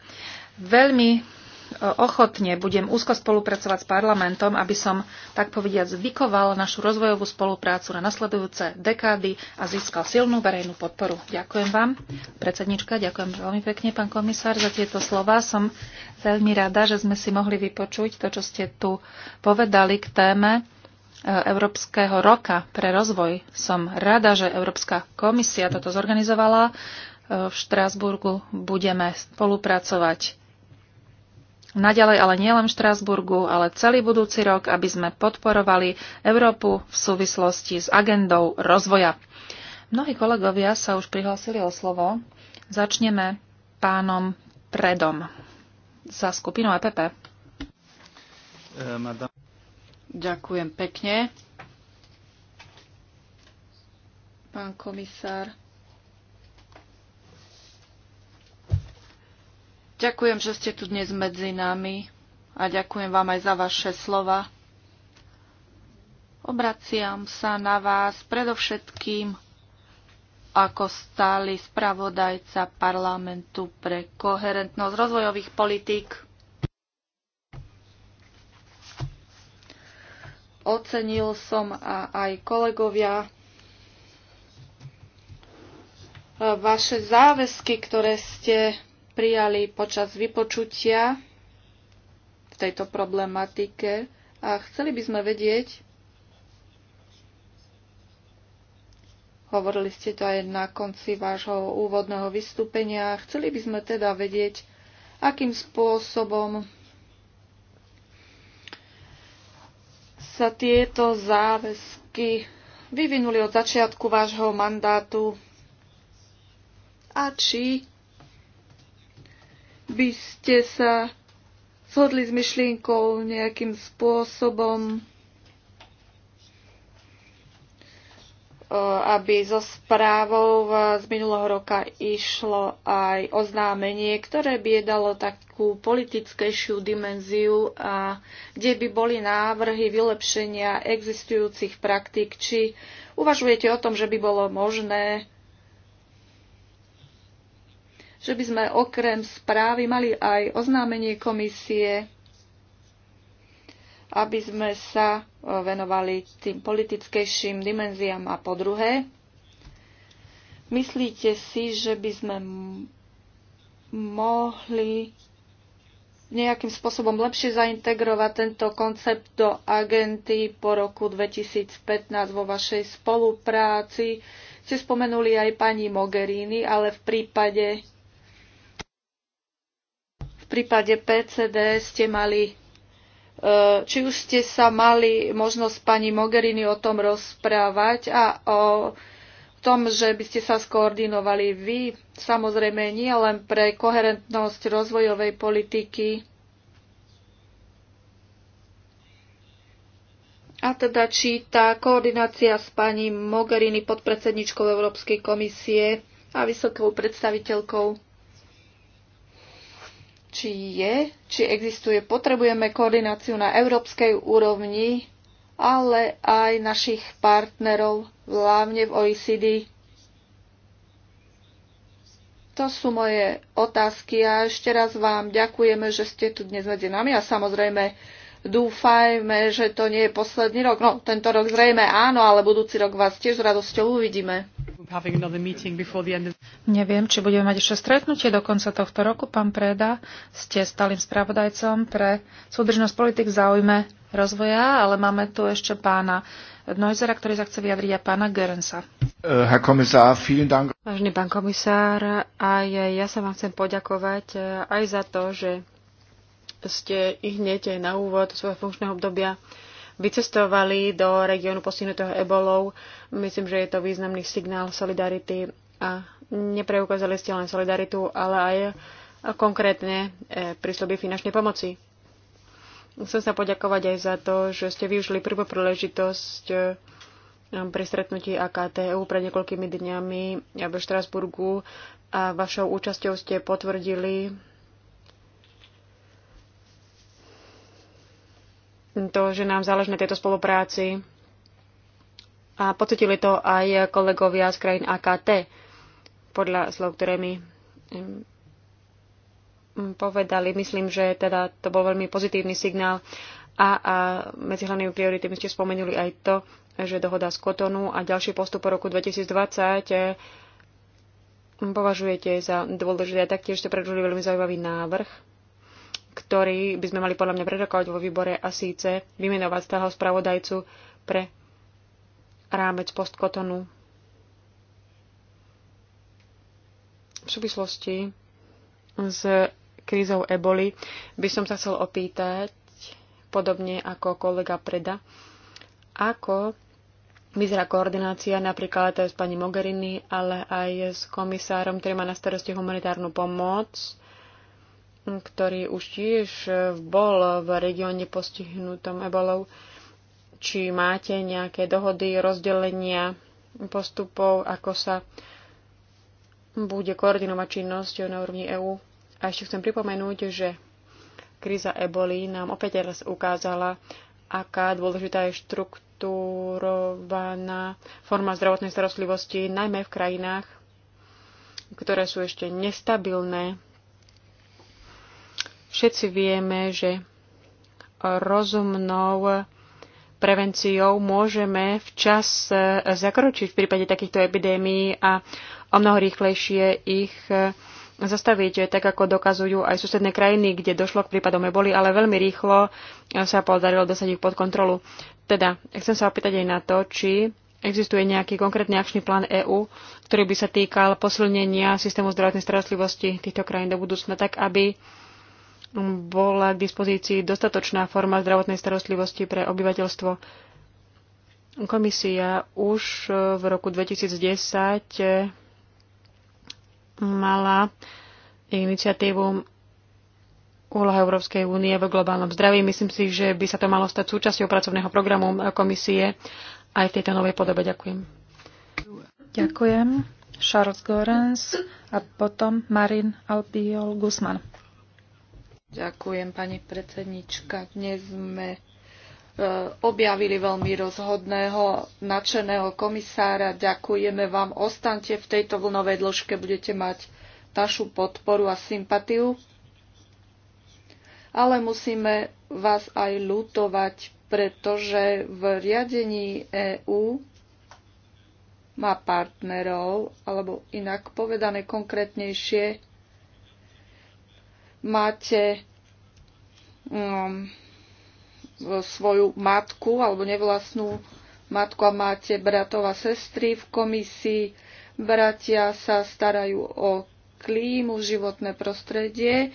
Veľmi ochotne budem úzko spolupracovať s parlamentom, aby som, tak povediac, vykoval našu rozvojovú spoluprácu na nasledujúce dekády a získal silnú verejnú podporu. Ďakujem vám, predsednička, ďakujem veľmi pekne, pán komisár, za tieto slova. Som veľmi rada, že sme si mohli vypočuť to, čo ste tu povedali k téme e, Európskeho roka pre rozvoj. Som rada, že Európska komisia toto zorganizovala. E, v Štrásburgu budeme spolupracovať naďalej, ale nielen v Štrásburgu, ale celý budúci rok, aby sme podporovali Európu v súvislosti s agendou rozvoja. Mnohí kolegovia sa už prihlásili o slovo. Začneme pánom Predom za skupinu EPP. Ďakujem pekne. Pán komisár. Ďakujem, že ste tu dnes medzi nami a ďakujem vám aj za vaše slova. Obraciam sa na vás predovšetkým ako stály spravodajca parlamentu pre koherentnosť rozvojových politík. Ocenil som a aj kolegovia vaše záväzky, ktoré ste prijali počas vypočutia v tejto problematike a chceli by sme vedieť, hovorili ste to aj na konci vášho úvodného vystúpenia, chceli by sme teda vedieť, akým spôsobom sa tieto záväzky vyvinuli od začiatku vášho mandátu a či by ste sa shodli s myšlienkou nejakým spôsobom, eh, aby zo správou z minulého roka išlo aj oznámenie, ktoré by je dalo takú politickejšiu dimenziu a kde by boli návrhy vylepšenia existujúcich praktík. Či uvažujete o tom, že by bolo možné že by sme okrem správy mali aj oznámenie komisie, aby sme sa e, venovali tým politickejším dimenziám. A po druhé, myslíte si, že by sme mohli nejakým spôsobom lepšie zaintegrovať tento koncept do agenty po roku 2015 vo vašej spolupráci. Ste spomenuli aj pani Mogherini, ale v prípade prípade PCD ste mali, e, či už ste sa mali možnosť pani Mogherini o tom rozprávať a o tom, že by ste sa skoordinovali vy, samozrejme nie len pre koherentnosť rozvojovej politiky, A teda či tá koordinácia s pani Mogherini, podpredsedničkou Európskej komisie a vysokou predstaviteľkou či je, či existuje. Potrebujeme koordináciu na európskej úrovni, ale aj našich partnerov, hlavne v OECD. To sú moje otázky a ešte raz vám ďakujeme, že ste tu dnes medzi nami a samozrejme Dúfajme, že to nie je posledný rok. No, tento rok zrejme áno, ale budúci rok vás tiež s radosťou uvidíme. Neviem, či budeme mať ešte stretnutie do konca tohto roku. Pán Preda, ste stalým spravodajcom pre súdržnosť politik záujme rozvoja, ale máme tu ešte pána Neuzera, ktorý sa chce vyjadriť a pána Gerensa. Eh, Vážený pán komisár, aj ja sa vám chcem poďakovať eh, aj za to, že ste ich hneď na úvod svojho funkčného obdobia vycestovali do regiónu postihnutého ebolou. Myslím, že je to významný signál solidarity a nepreukázali ste len solidaritu, ale aj konkrétne e, prísľuby finančnej pomoci. Chcem sa poďakovať aj za to, že ste využili prvú príležitosť e, pri stretnutí AKTU e pred niekoľkými dňami v Štrasburgu a vašou účasťou ste potvrdili to, že nám záleží na tejto spolupráci. A pocitili to aj kolegovia z krajín AKT, podľa slov, ktoré mi povedali. Myslím, že teda to bol veľmi pozitívny signál. A, a medzi hlavnými prioritami ste spomenuli aj to, že dohoda z Kotonu a ďalší postup po roku 2020 eh, považujete za dôležité. Taktiež ste predložili veľmi zaujímavý návrh ktorý by sme mali podľa mňa prerokovať vo výbore a síce vymenovať stáleho spravodajcu pre rámec postkotonu. V súvislosti s krízou eboli by som sa chcel opýtať, podobne ako kolega Preda, ako vyzerá koordinácia napríklad s pani Mogherini, ale aj s komisárom, ktorý má na starosti humanitárnu pomoc ktorý už tiež e, bol v regióne postihnutom ebolou. Či máte nejaké dohody, rozdelenia postupov, ako sa bude koordinovať činnosť na úrovni EÚ. A ešte chcem pripomenúť, že kríza eboli nám opäť raz ukázala, aká dôležitá je štruktúrovaná forma zdravotnej starostlivosti, najmä v krajinách, ktoré sú ešte nestabilné Všetci vieme, že rozumnou prevenciou môžeme včas e, zakročiť v prípade takýchto epidémií a o mnoho rýchlejšie ich e, zastaviť, tak ako dokazujú aj susedné krajiny, kde došlo k prípadom eboli, ale veľmi rýchlo e, sa podarilo dosať ich pod kontrolu. Teda, chcem sa opýtať aj na to, či existuje nejaký konkrétny akčný plán EÚ, ktorý by sa týkal posilnenia systému zdravotnej starostlivosti týchto krajín do budúcna, tak aby bola k dispozícii dostatočná forma zdravotnej starostlivosti pre obyvateľstvo. Komisia už e, v roku 2010 e, mala iniciatívu úloha Európskej únie v globálnom zdraví. Myslím si, že by sa to malo stať súčasťou pracovného programu komisie aj v tejto novej podobe. Ďakujem. Ďakujem. Charles Gorens a potom Marin Albiol Guzman. Ďakujem, pani predsednička. Dnes sme e, objavili veľmi rozhodného, nadšeného komisára. Ďakujeme vám. Ostante v tejto vlnovej dĺžke, budete mať našu podporu a sympatiu. Ale musíme vás aj lutovať, pretože v riadení EÚ má partnerov, alebo inak povedané konkrétnejšie, máte um, svoju matku alebo nevlastnú matku a máte bratov a sestry v komisii. Bratia sa starajú o klímu, životné prostredie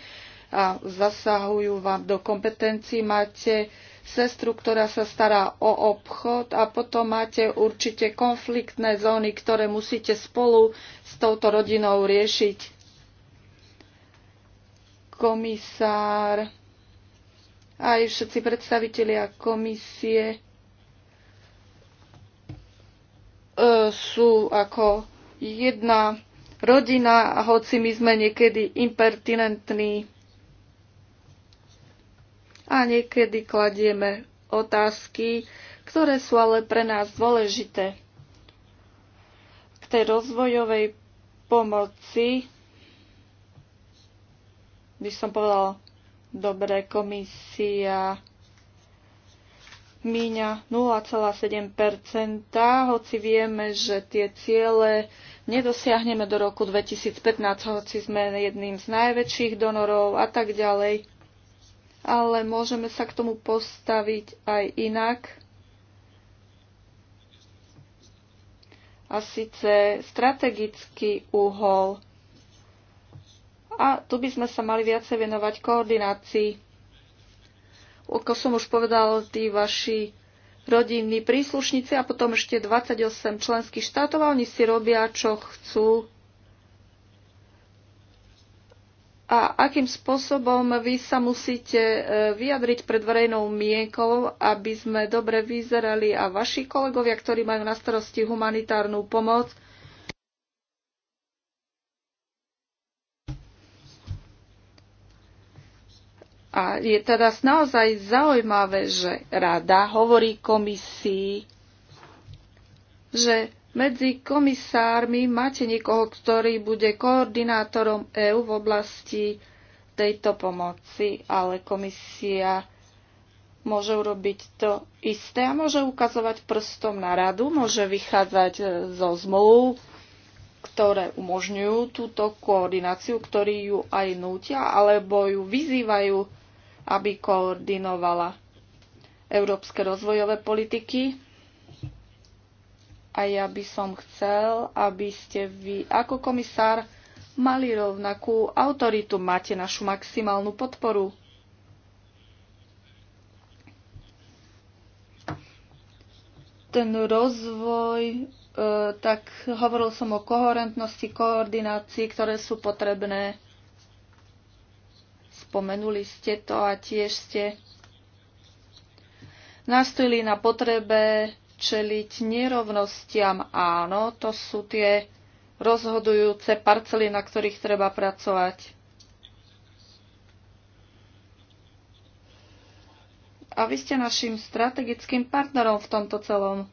a zasahujú vám do kompetencií. Máte sestru, ktorá sa stará o obchod a potom máte určite konfliktné zóny, ktoré musíte spolu s touto rodinou riešiť komisár, aj všetci predstavitelia komisie e, sú ako jedna rodina, a hoci my sme niekedy impertinentní a niekedy kladieme otázky, ktoré sú ale pre nás dôležité. K tej rozvojovej pomoci by som povedal, dobre, komisia míňa 0,7%, hoci vieme, že tie ciele nedosiahneme do roku 2015, hoci sme jedným z najväčších donorov a tak ďalej. Ale môžeme sa k tomu postaviť aj inak. A síce strategický uhol a tu by sme sa mali viacej venovať koordinácii. Ako som už povedal, tí vaši rodinní príslušníci a potom ešte 28 členských štátov a oni si robia, čo chcú. A akým spôsobom vy sa musíte e, vyjadriť pred verejnou mienkou, aby sme dobre vyzerali a vaši kolegovia, ktorí majú na starosti humanitárnu pomoc, A je teda naozaj zaujímavé, že rada hovorí komisii, že medzi komisármi máte niekoho, ktorý bude koordinátorom EÚ v oblasti tejto pomoci, ale komisia môže urobiť to isté a môže ukazovať prstom na radu, môže vychádzať e, zo zmluv, ktoré umožňujú túto koordináciu, ktorí ju aj nútia alebo ju vyzývajú aby koordinovala európske rozvojové politiky. A ja by som chcel, aby ste vy ako komisár mali rovnakú autoritu. Máte našu maximálnu podporu. Ten rozvoj e, tak hovoril som o koherentnosti, koordinácii, ktoré sú potrebné spomenuli ste to a tiež ste nastojili na potrebe čeliť nerovnostiam. Áno, to sú tie rozhodujúce parcely, na ktorých treba pracovať. A vy ste našim strategickým partnerom v tomto celom.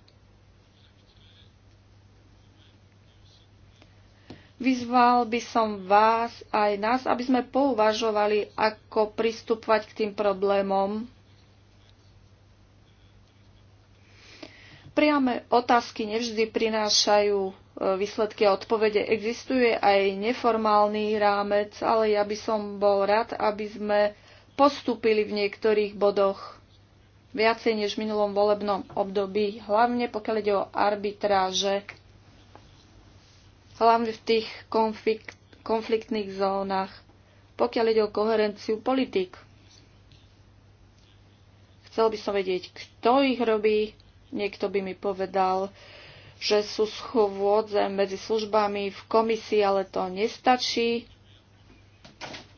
Vyzval by som vás aj nás, aby sme pouvažovali, ako pristupovať k tým problémom. Priame otázky nevždy prinášajú e, výsledky a odpovede. Existuje aj neformálny rámec, ale ja by som bol rád, aby sme postúpili v niektorých bodoch viacej než v minulom volebnom období, hlavne pokiaľ ide o arbitráže hlavne v tých konflikt, konfliktných zónach, pokiaľ ide o koherenciu politik. Chcel by som vedieť, kto ich robí. Niekto by mi povedal, že sú schôdze medzi službami v komisii, ale to nestačí.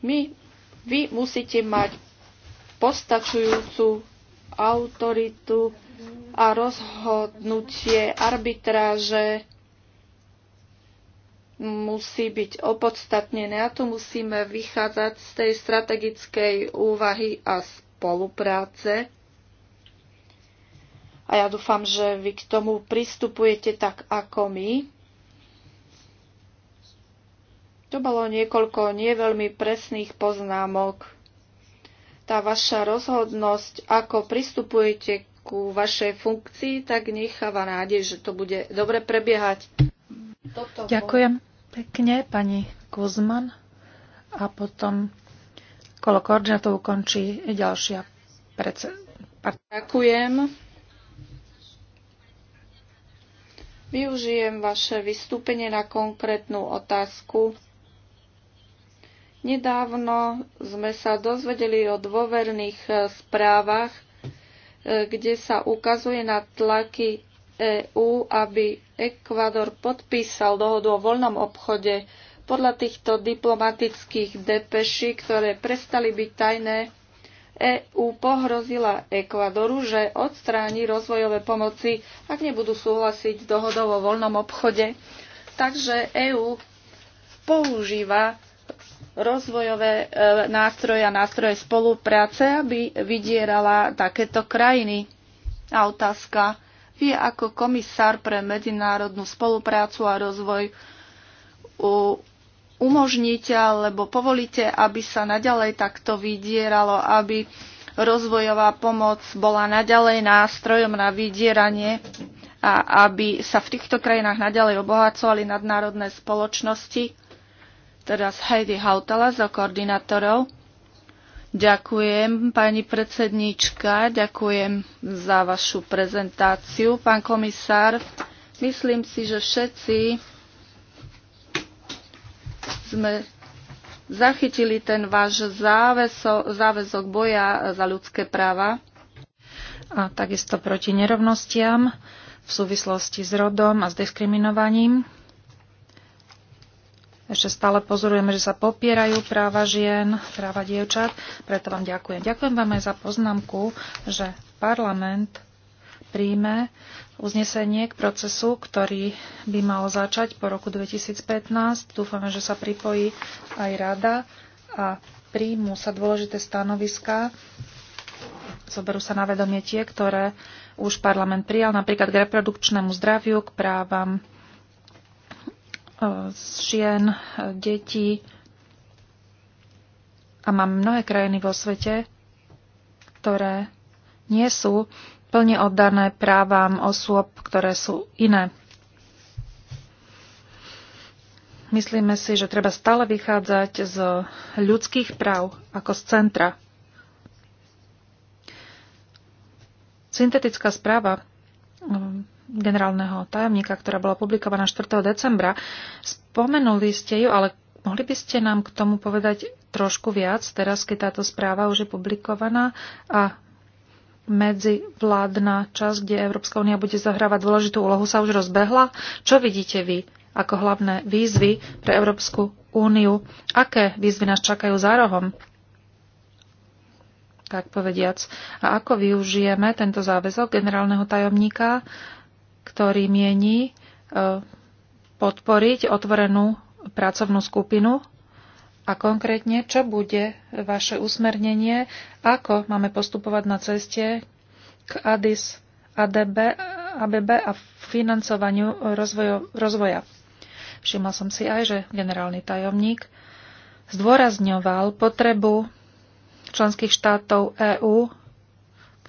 My, vy musíte mať postačujúcu autoritu a rozhodnutie arbitráže musí byť opodstatnené a tu musíme vychádzať z tej strategickej úvahy a spolupráce. A ja dúfam, že vy k tomu pristupujete tak ako my. To bolo niekoľko neveľmi presných poznámok. Tá vaša rozhodnosť, ako pristupujete ku vašej funkcii, tak necháva nádej, že to bude dobre prebiehať. Toto Ďakujem. Bol pekne, pani Kuzman. A potom kolo koordinátov ukončí ďalšia predse- Ďakujem. Využijem vaše vystúpenie na konkrétnu otázku. Nedávno sme sa dozvedeli o dôverných správach, e, kde sa ukazuje na tlaky EÚ, aby Ekvador podpísal dohodu o voľnom obchode. Podľa týchto diplomatických depeší, ktoré prestali byť tajné, EÚ pohrozila Ekvadoru, že odstráni rozvojové pomoci, ak nebudú súhlasiť s dohodou o voľnom obchode. Takže EÚ používa rozvojové e, nástroje a nástroje spolupráce, aby vydierala takéto krajiny. A otázka vy ako komisár pre medzinárodnú spoluprácu a rozvoj umožníte alebo povolíte, aby sa naďalej takto vydieralo, aby rozvojová pomoc bola naďalej nástrojom na vydieranie a aby sa v týchto krajinách naďalej obohacovali nadnárodné spoločnosti, teda Heidi Hautala za koordinátorov. Ďakujem, pani predsedníčka, ďakujem za vašu prezentáciu. Pán komisár, myslím si, že všetci sme zachytili ten váš záväzok, záväzok boja za ľudské práva. A takisto proti nerovnostiam v súvislosti s rodom a s diskriminovaním. Ešte stále pozorujeme, že sa popierajú práva žien, práva dievčat, preto vám ďakujem. Ďakujem vám aj za poznámku, že parlament príjme uznesenie k procesu, ktorý by mal začať po roku 2015. Dúfame, že sa pripojí aj rada a príjmu sa dôležité stanoviská. Zoberú sa na vedomie tie, ktoré už parlament prijal, napríklad k reprodukčnému zdraviu, k právam žien, e, detí a mám mnohé krajiny vo svete, ktoré nie sú plne oddané právam osôb, ktoré sú iné. Myslíme si, že treba stále vychádzať z ľudských práv ako z centra. Syntetická správa mm, generálneho tajomníka, ktorá bola publikovaná 4. decembra. Spomenuli ste ju, ale mohli by ste nám k tomu povedať trošku viac, teraz keď táto správa už je publikovaná a medzivládna časť, kde Európska únia bude zahrávať dôležitú úlohu, sa už rozbehla. Čo vidíte vy ako hlavné výzvy pre Európsku úniu? Aké výzvy nás čakajú za rohom? tak povediac. A ako využijeme tento záväzok generálneho tajomníka ktorý mieni e, podporiť otvorenú pracovnú skupinu a konkrétne, čo bude vaše usmernenie, ako máme postupovať na ceste k ADIS, ADB, ABB a financovaniu rozvojo, rozvoja. Všimla som si aj, že generálny tajomník zdôrazňoval potrebu členských štátov EÚ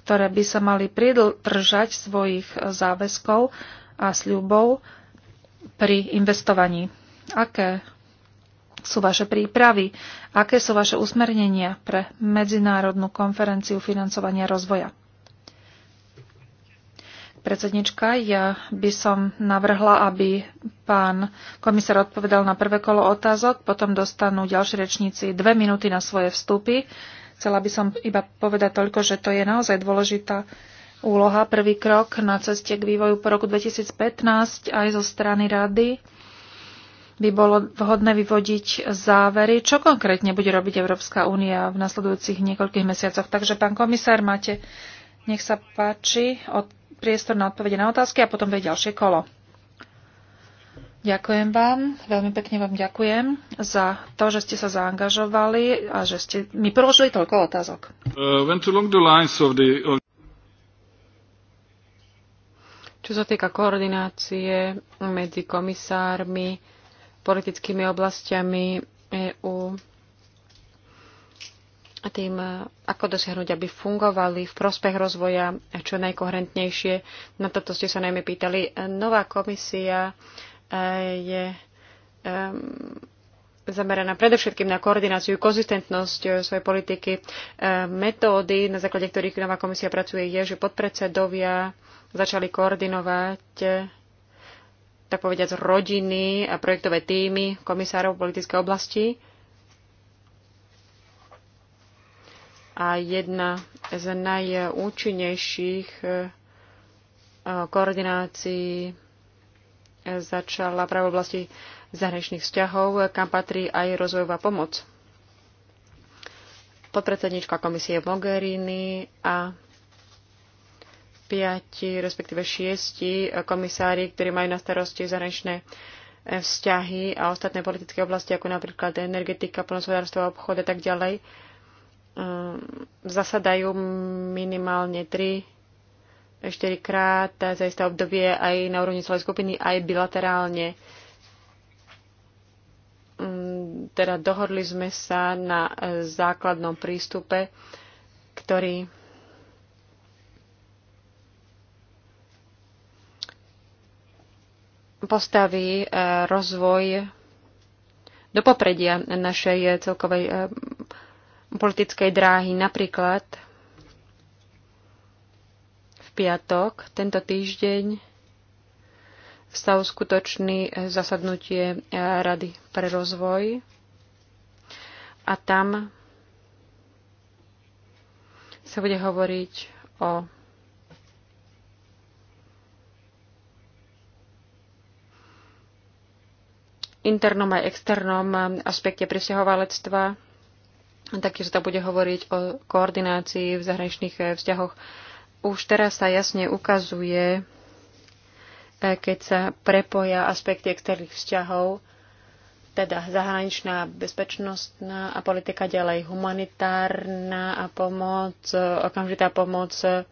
ktoré by sa mali pridržať svojich e, záväzkov a sľubov pri investovaní. Aké sú vaše prípravy? Aké sú vaše usmernenia pre Medzinárodnú konferenciu financovania rozvoja? Predsednička, ja by som navrhla, aby pán komisár odpovedal na prvé kolo otázok, potom dostanú ďalší rečníci dve minúty na svoje vstupy Chcela by som iba povedať toľko, že to je naozaj dôležitá úloha, prvý krok na ceste k vývoju po roku 2015 aj zo strany rady by bolo vhodné vyvodiť závery, čo konkrétne bude robiť Európska únia v nasledujúcich niekoľkých mesiacoch. Takže, pán komisár, máte, nech sa páči, od, priestor na odpovede na otázky a potom bude ďalšie kolo. Ďakujem vám, veľmi pekne vám ďakujem za to, že ste sa zaangažovali a že ste mi položili toľko otázok. Uh, the... Čo sa týka koordinácie medzi komisármi, politickými oblastiami EÚ a tým, ako dosiahnuť, aby fungovali v prospech rozvoja čo najkoherentnejšie. Na toto ste sa najmä pýtali. Nová komisia je ehm, zameraná predovšetkým na koordináciu, konzistentnosť e, svojej politiky. E, metódy, na základe ktorých nová komisia pracuje, je, že podpredsedovia začali koordinovať e, tak povediať rodiny a projektové týmy komisárov v politickej oblasti. A jedna z najúčinnejších koordinácií začala práve v oblasti zahraničných vzťahov, kam patrí aj rozvojová pomoc. Podpredsednička komisie Mogherini a piati, respektíve šiesti komisári, ktorí majú na starosti zahraničné vzťahy a ostatné politické oblasti, ako napríklad energetika, plnospodárstvo, obchod a tak ďalej, um, zasadajú minimálne tri štyrikrát za isté obdobie aj na úrovni celej skupiny, aj bilaterálne. Mm, teda dohodli sme sa na e, základnom prístupe, ktorý postaví e, rozvoj do popredia našej e, celkovej politickej dráhy. Napríklad piatok tento týždeň sa uskutoční eh, zasadnutie eh, Rady pre rozvoj a tam sa bude hovoriť o internom aj externom eh, aspekte presťahovalectva. Taktiež sa bude hovoriť o koordinácii v zahraničných vzťahoch už teraz sa jasne ukazuje, e, keď sa prepoja aspekty externých vzťahov, teda zahraničná bezpečnostná a politika ďalej humanitárna a pomoc, e, okamžitá pomoc e,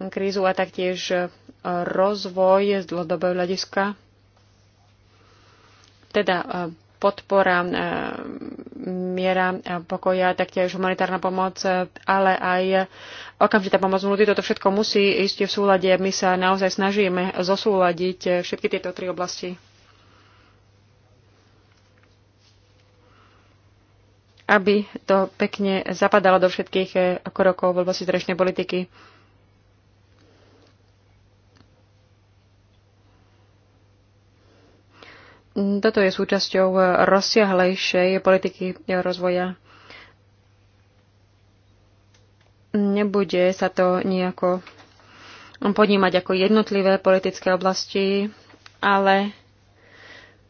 krízu a taktiež rozvoj z dlhodobého hľadiska, teda podpora miera pokoja, taktiež humanitárna pomoc, ale aj okamžitá pomoc ľudí. Toto všetko musí ísť v súlade. My sa naozaj snažíme zosúladiť všetky tieto tri oblasti. aby to pekne zapadalo do všetkých krokov v oblasti zrečnej politiky. Toto je súčasťou rozsiahlejšej politiky rozvoja. Nebude sa to nejako podnímať ako jednotlivé politické oblasti, ale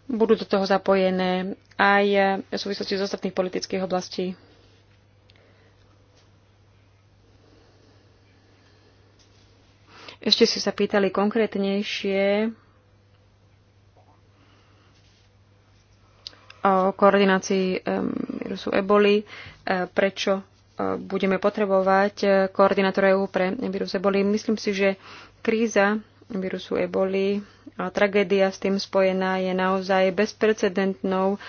budú do toho zapojené aj v súvislosti z ostatných politických oblastí. Ešte si sa pýtali konkrétnejšie o koordinácii vírusu eboli, e, prečo e, budeme potrebovať e, koordinátora EU pre vírus eboli. Myslím si, že kríza vírusu eboli a tragédia s tým spojená je naozaj bezprecedentnou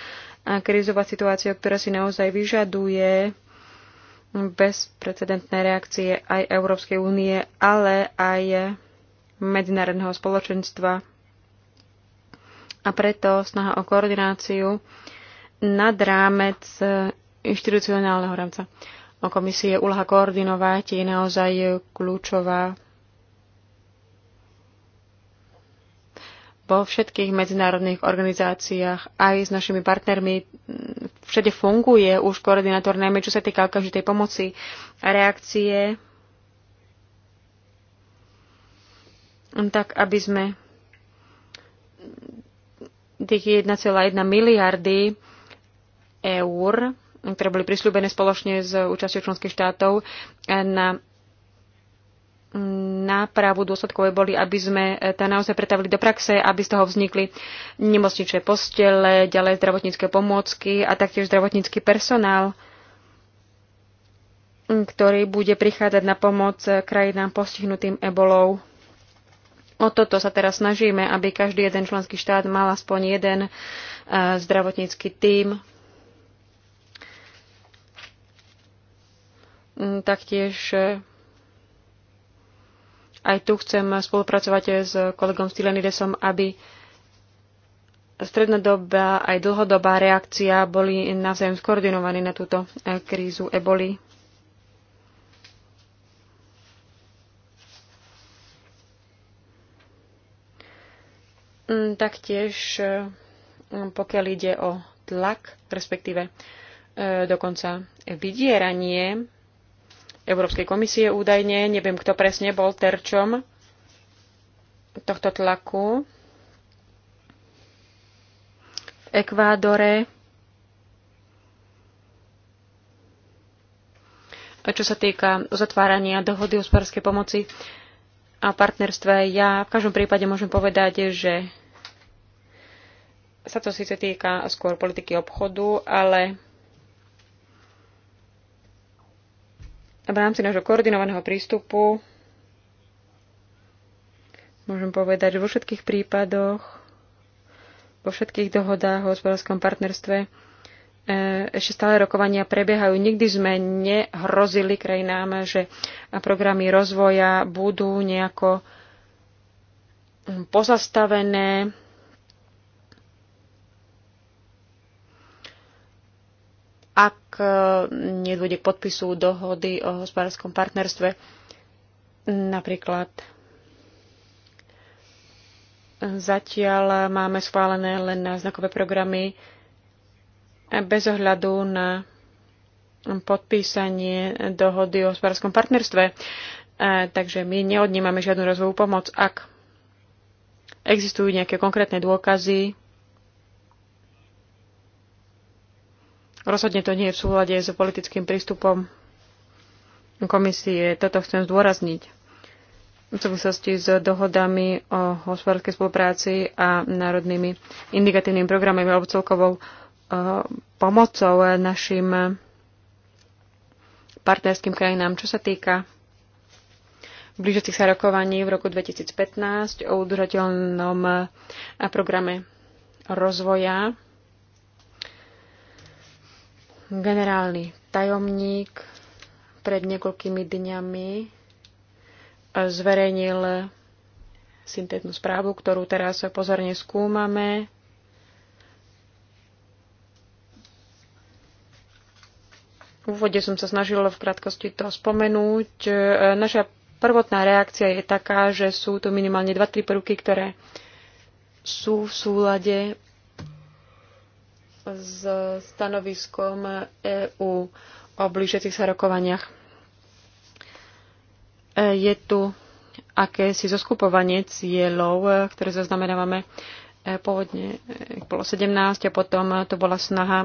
krízová situácia, ktorá si naozaj vyžaduje bezprecedentné reakcie aj Európskej únie, ale aj medzinárodného spoločenstva a preto snaha o koordináciu nad rámec e, inštitucionálneho rámca. O komisie úloha koordinovať je naozaj kľúčová vo všetkých medzinárodných organizáciách aj s našimi partnermi. Všade funguje už koordinátor, najmä čo sa týka okamžitej pomoci a reakcie, tak aby sme Tých 1,1 miliardy eur, ktoré boli prislúbené spoločne s účasťou členských štátov na nápravu dôsledkové boli, aby sme to naozaj pretavili do praxe, aby z toho vznikli nemocničné postele, ďalej zdravotnícke pomôcky a taktiež zdravotnícky personál, ktorý bude prichádzať na pomoc krajinám postihnutým ebolou. O toto sa teraz snažíme, aby každý jeden členský štát mal aspoň jeden e, zdravotnícky tím. Mm, taktiež e, aj tu chcem spolupracovať s kolegom Stylenidesom, aby strednodobá aj dlhodobá reakcia boli navzájom skoordinovaní na túto e, krízu eboli. Mm, taktiež, e, mm, pokiaľ ide o tlak, respektíve e, dokonca vydieranie Európskej komisie údajne, neviem kto presne bol terčom tohto tlaku. V Ekvádore, čo sa týka uzatvárania dohody o hospodárskej pomoci a partnerstve, ja v každom prípade môžem povedať, že sa to síce týka skôr politiky obchodu, ale v rámci nášho koordinovaného prístupu môžem povedať, že vo všetkých prípadoch, vo všetkých dohodách o hospodárskom partnerstve e, ešte stále rokovania prebiehajú. Nikdy sme nehrozili krajinám, že programy rozvoja budú nejako pozastavené, ak e, nedôjde k podpisu dohody o hospodárskom partnerstve. Napríklad zatiaľ máme schválené len náznakové programy bez ohľadu na podpísanie dohody o hospodárskom partnerstve. E, takže my neodnímame žiadnu rozvojovú pomoc, ak existujú nejaké konkrétne dôkazy, Rozhodne to nie je v súlade s politickým prístupom komisie. Toto chcem zdôrazniť v súvislosti s dohodami o hospodárskej spolupráci a národnými indikatívnymi programami alebo celkovou e, pomocou našim partnerským krajinám. Čo sa týka blížiacich sa rokovaní v roku 2015 o udržateľnom e, programe rozvoja Generálny tajomník pred niekoľkými dňami zverejnil syntetnú správu, ktorú teraz pozorne skúmame. V úvode som sa snažila v krátkosti to spomenúť. E, naša prvotná reakcia je taká, že sú tu minimálne dva, tri prvky, ktoré sú v súlade s stanoviskom EÚ o blížiacich sa rokovaniach. E, je tu akési zoskupovanie cieľov, ktoré zaznamenávame e, pôvodne e, bolo 17 a potom to bola snaha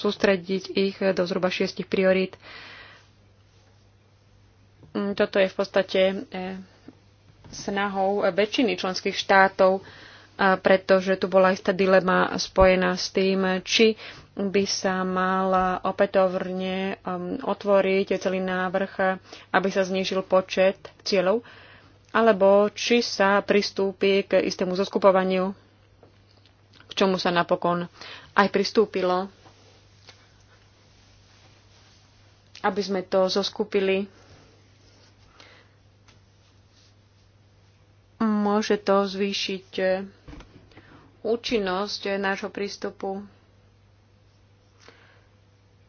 sústrediť ich do zhruba šiestich priorít. Mm, toto je v podstate snahou väčšiny členských štátov pretože tu bola istá dilema spojená s tým, či by sa mal opätovne um, otvoriť celý návrh, aby sa znížil počet cieľov, alebo či sa pristúpi k istému zoskupovaniu, k čomu sa napokon aj pristúpilo, aby sme to zoskupili. Môže to zvýšiť účinnosť eh, nášho prístupu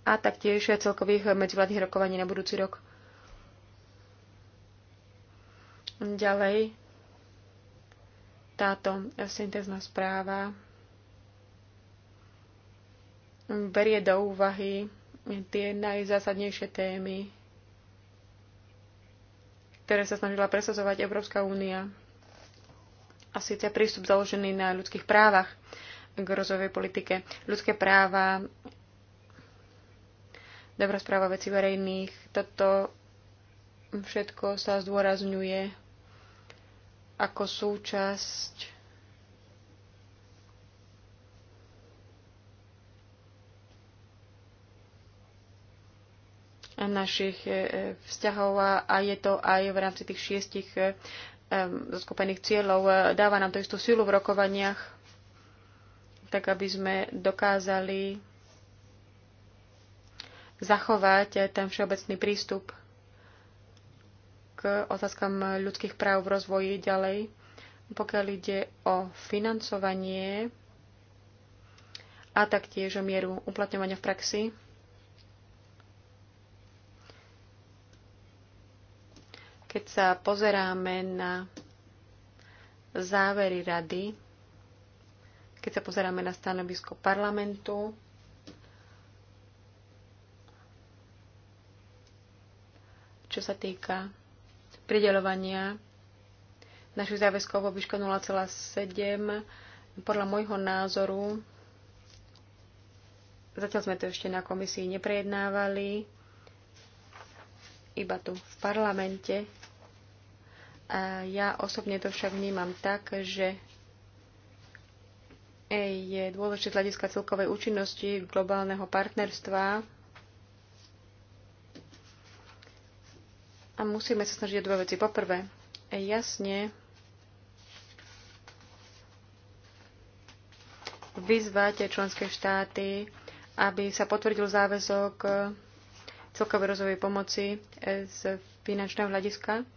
a taktiež eh, celkových eh, medzivládnych rokovaní na budúci rok. Ďalej, táto syntezná správa berie do úvahy tie najzásadnejšie témy, ktoré sa snažila presazovať Európska únia a síce prístup založený na ľudských právach k rozvojovej politike. Ľudské práva, dobrá správa veci verejných, toto všetko sa zdôrazňuje ako súčasť našich eh, eh, vzťahov a je to aj v rámci tých šiestich eh, skupených cieľov. E, dáva nám to istú silu v rokovaniach, tak aby sme dokázali zachovať e, ten všeobecný prístup k otázkam ľudských práv v rozvoji ďalej. Pokiaľ ide o financovanie a taktiež o mieru uplatňovania v praxi, Keď sa pozeráme na závery rady, keď sa pozeráme na stanovisko parlamentu, čo sa týka prideľovania našich záväzkov vo výške 0,7, podľa môjho názoru, zatiaľ sme to ešte na komisii neprejednávali, iba tu v parlamente a ja osobne to však vnímam tak, že je dôležité z hľadiska celkovej účinnosti globálneho partnerstva a musíme sa snažiť o dve veci. Poprvé, jasne vyzvať členské štáty, aby sa potvrdil záväzok celkovej rozvojovej pomoci z finančného hľadiska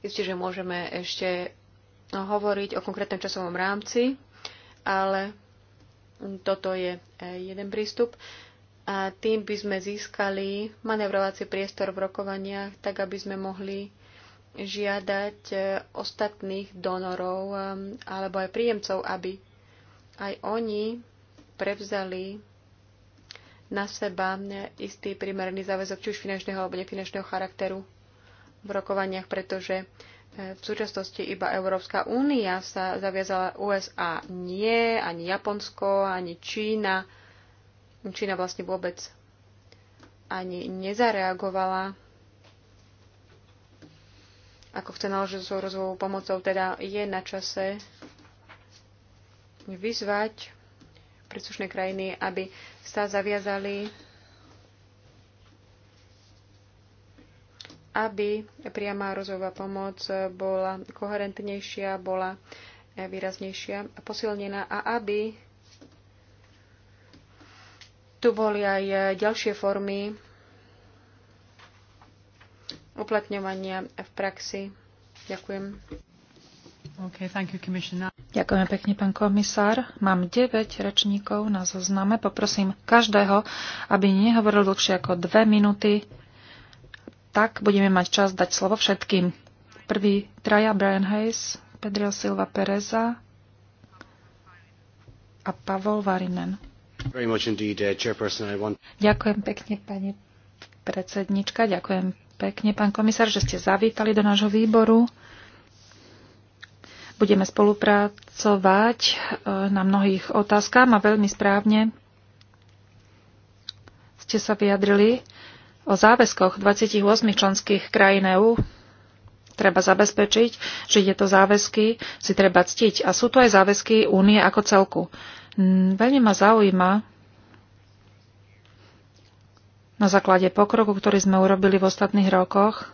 Isté, že môžeme ešte no, hovoriť o konkrétnom časovom rámci, ale toto je e, jeden prístup. A tým by sme získali manevrovací priestor v rokovaniach, tak aby sme mohli žiadať e, ostatných donorov e, alebo aj príjemcov, aby aj oni prevzali na seba istý primerný záväzok, či už finančného alebo nefinančného charakteru v rokovaniach, pretože e, v súčasnosti iba Európska únia sa zaviazala USA nie, ani Japonsko, ani Čína. Čína vlastne vôbec ani nezareagovala ako chce naložiť svojou rozvojovou pomocou, teda je na čase vyzvať príslušné krajiny, aby sa zaviazali aby priama rozvojová pomoc bola koherentnejšia, bola eh, výraznejšia a posilnená a aby tu boli aj eh, ďalšie formy uplatňovania v praxi. Ďakujem. Okay, thank you, Ďakujem pekne, pán komisár. Mám 9 rečníkov na zozname. Poprosím každého, aby nehovoril dlhšie ako 2 minúty tak budeme mať čas dať slovo všetkým. Prvý traja Brian Hayes, Pedro Silva Pereza a Pavol Varinen. Indeed, uh, want... Ďakujem pekne, pani predsednička. Ďakujem pekne, pán komisár, že ste zavítali do nášho výboru. Budeme spolupracovať uh, na mnohých otázkach a veľmi správne ste sa vyjadrili o záväzkoch 28 členských krajín EÚ treba zabezpečiť, že tieto záväzky si treba ctiť. A sú to aj záväzky únie ako celku. Mm, veľmi ma zaujíma na základe pokroku, ktorý sme urobili v ostatných rokoch,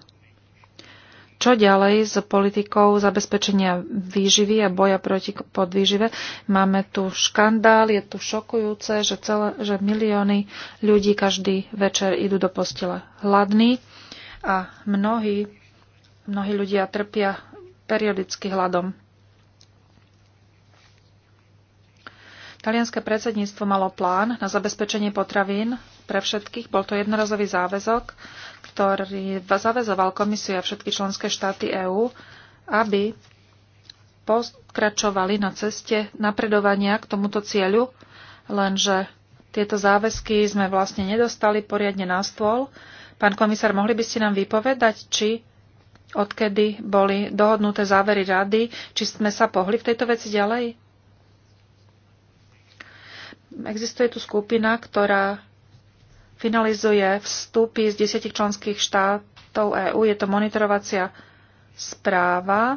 čo ďalej s politikou zabezpečenia výživy a boja proti podvýžive? Máme tu škandál, je tu šokujúce, že, celé, že milióny ľudí každý večer idú do postele hladní a mnohí, mnohí ľudia trpia periodicky hladom. Talianské predsedníctvo malo plán na zabezpečenie potravín pre všetkých. Bol to jednorazový záväzok, ktorý zavezoval komisiu a všetky členské štáty EÚ, aby pokračovali na ceste napredovania k tomuto cieľu, lenže tieto záväzky sme vlastne nedostali poriadne na stôl. Pán komisár, mohli by ste nám vypovedať, či odkedy boli dohodnuté závery rady, či sme sa pohli v tejto veci ďalej? Existuje tu skupina, ktorá finalizuje vstupy z desiatich členských štátov EÚ. Je to monitorovacia správa, e,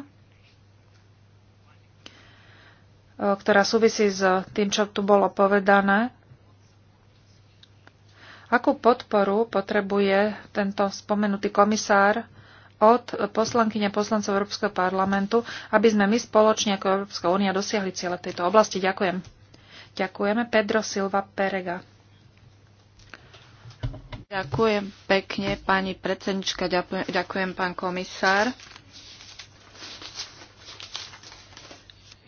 ktorá súvisí s tým, čo tu bolo povedané. Akú podporu potrebuje tento spomenutý komisár od poslankyňa poslancov Európskeho parlamentu, aby sme my spoločne ako Európska únia dosiahli cieľe tejto oblasti? Ďakujem. Ďakujeme. Pedro Silva Perega. Ďakujem pekne, pani predsednička, ďakujem, ďakujem pán komisár.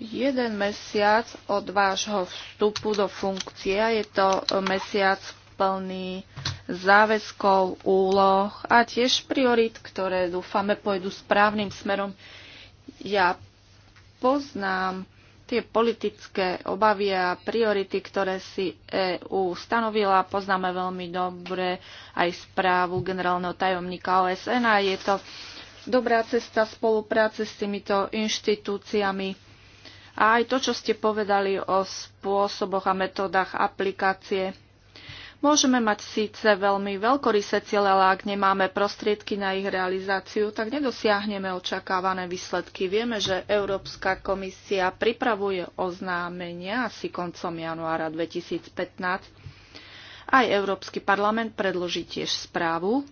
Jeden mesiac od vášho vstupu do funkcie je to mesiac plný záväzkov, úloh a tiež priorit, ktoré dúfame pôjdu správnym smerom. Ja poznám tie politické obavy a priority, ktoré si EÚ stanovila. Poznáme veľmi dobre aj správu generálneho tajomníka OSN a je to dobrá cesta spolupráce s týmito inštitúciami. A aj to, čo ste povedali o spôsoboch a metódach aplikácie Môžeme mať síce veľmi veľkorysé ciele, ale ak nemáme prostriedky na ich realizáciu, tak nedosiahneme očakávané výsledky. Vieme, že Európska komisia pripravuje oznámenia asi koncom januára 2015. Aj Európsky parlament predloží tiež správu,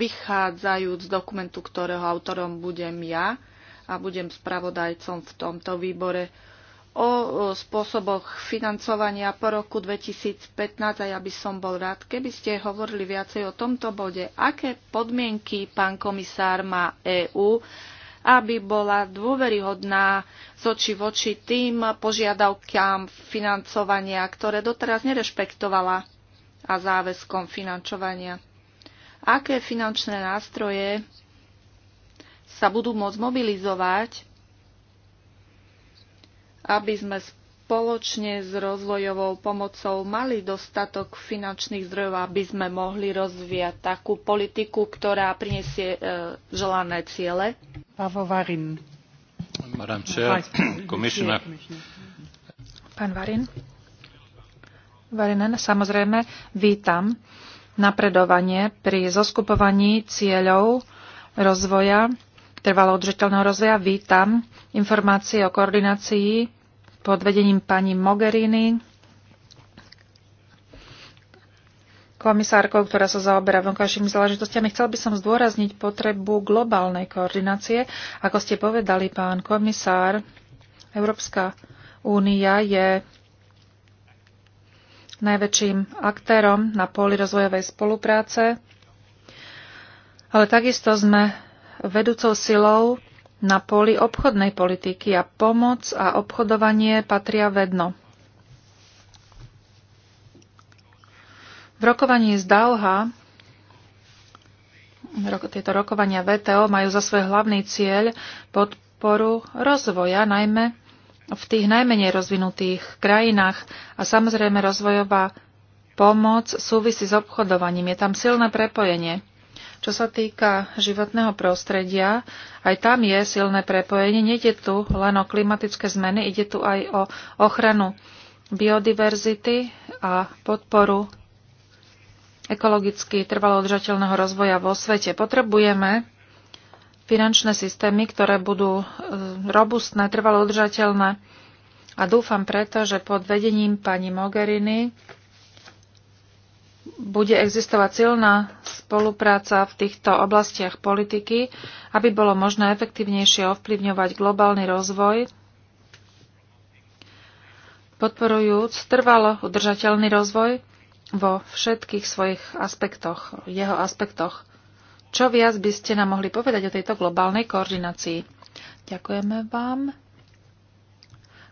vychádzajúc z dokumentu, ktorého autorom budem ja a budem spravodajcom v tomto výbore o spôsoboch financovania po roku 2015 a ja by som bol rád, keby ste hovorili viacej o tomto bode. Aké podmienky pán komisár má EÚ, aby bola dôveryhodná z oči voči tým požiadavkám financovania, ktoré doteraz nerešpektovala a záväzkom financovania. Aké finančné nástroje sa budú môcť mobilizovať aby sme spoločne s rozvojovou pomocou mali dostatok finančných zdrojov, aby sme mohli rozvíjať takú politiku, ktorá prinesie e, želané ciele? Pavo Varin. Madam Chair, Commissioner. Pán Varin. Varinen, samozrejme, vítam napredovanie pri zoskupovaní cieľov rozvoja, trvalo udržiteľného rozvoja. Vítam informácie o koordinácii pod vedením pani Mogherini, komisárkou, ktorá sa zaoberá vonkajšími záležitostiami. Chcel by som zdôrazniť potrebu globálnej koordinácie. Ako ste povedali, pán komisár, Európska únia je najväčším aktérom na poli rozvojovej spolupráce, ale takisto sme vedúcou silou na poli obchodnej politiky a pomoc a obchodovanie patria vedno. V rokovaní z Dauha tieto rokovania VTO majú za svoj hlavný cieľ podporu rozvoja, najmä v tých najmenej rozvinutých krajinách a samozrejme rozvojová pomoc súvisí s obchodovaním. Je tam silné prepojenie. Čo sa týka životného prostredia, aj tam je silné prepojenie. Nejde tu len o klimatické zmeny, ide tu aj o ochranu biodiverzity a podporu ekologicky trvalo udržateľného rozvoja vo svete. Potrebujeme finančné systémy, ktoré budú e, robustné, trvalo udržateľné. A dúfam preto, že pod vedením pani Mogherini bude existovať silná spolupráca v týchto oblastiach politiky, aby bolo možné efektívnejšie ovplyvňovať globálny rozvoj, podporujúc trvalo udržateľný rozvoj vo všetkých svojich aspektoch, jeho aspektoch. Čo viac by ste nám mohli povedať o tejto globálnej koordinácii? Ďakujeme vám.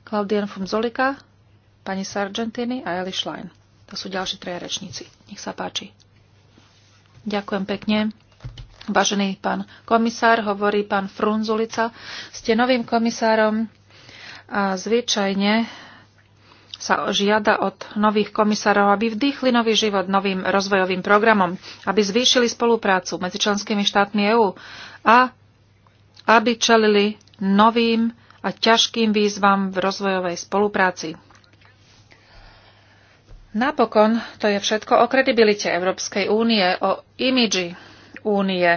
Klaudian Fumzolika, pani Sargentini a Eli Schlein. To sú ďalší treja rečníci. Nech sa páči. Ďakujem pekne. Vážený pán komisár, hovorí pán Frunzulica, ste novým komisárom a zvyčajne sa žiada od nových komisárov, aby vdýchli nový život novým rozvojovým programom, aby zvýšili spoluprácu medzi členskými štátmi EÚ a aby čelili novým a ťažkým výzvam v rozvojovej spolupráci. Napokon to je všetko o kredibilite Európskej únie, o imidži únie.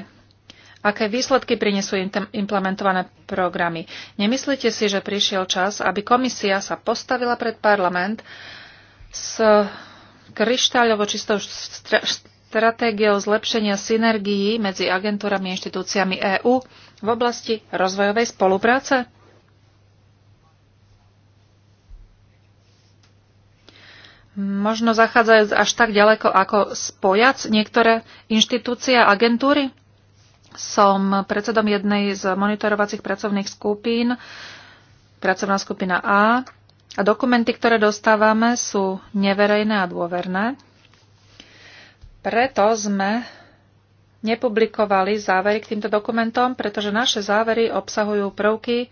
Aké výsledky prinesú implementované programy? Nemyslíte si, že prišiel čas, aby komisia sa postavila pred parlament s kryštáľovo čistou stratégiou zlepšenia synergií medzi agentúrami a inštitúciami EÚ v oblasti rozvojovej spolupráce? možno zachádzajú až tak ďaleko ako spojac niektoré inštitúcie a agentúry? Som predsedom jednej z monitorovacích pracovných skupín, pracovná skupina A, a dokumenty, ktoré dostávame, sú neverejné a dôverné. Preto sme nepublikovali závery k týmto dokumentom, pretože naše závery obsahujú prvky,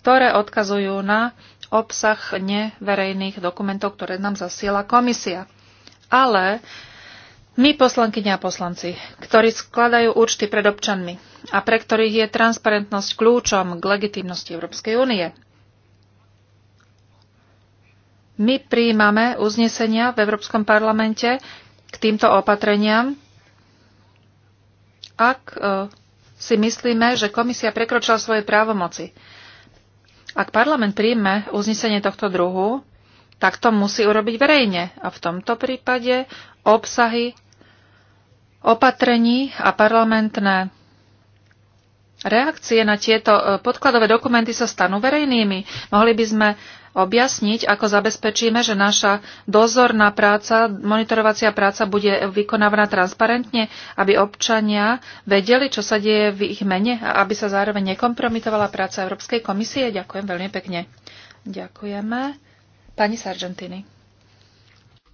ktoré odkazujú na obsah neverejných dokumentov, ktoré nám zasiela komisia. Ale my, poslankyňa a poslanci, ktorí skladajú účty pred občanmi a pre ktorých je transparentnosť kľúčom k legitimnosti Európskej únie, my príjmame uznesenia v Európskom parlamente k týmto opatreniam, ak e, si myslíme, že komisia prekročila svoje právomoci. Ak parlament príjme uznesenie tohto druhu, tak to musí urobiť verejne. A v tomto prípade obsahy opatrení a parlamentné reakcie na tieto eh, podkladové dokumenty sa stanú verejnými. Mohli by sme objasniť, ako zabezpečíme, že naša dozorná práca, monitorovacia práca bude vykonávaná transparentne, aby občania vedeli, čo sa deje v ich mene a aby sa zároveň nekompromitovala práca Európskej komisie. Ďakujem veľmi pekne. Ďakujeme. Pani Sargentini.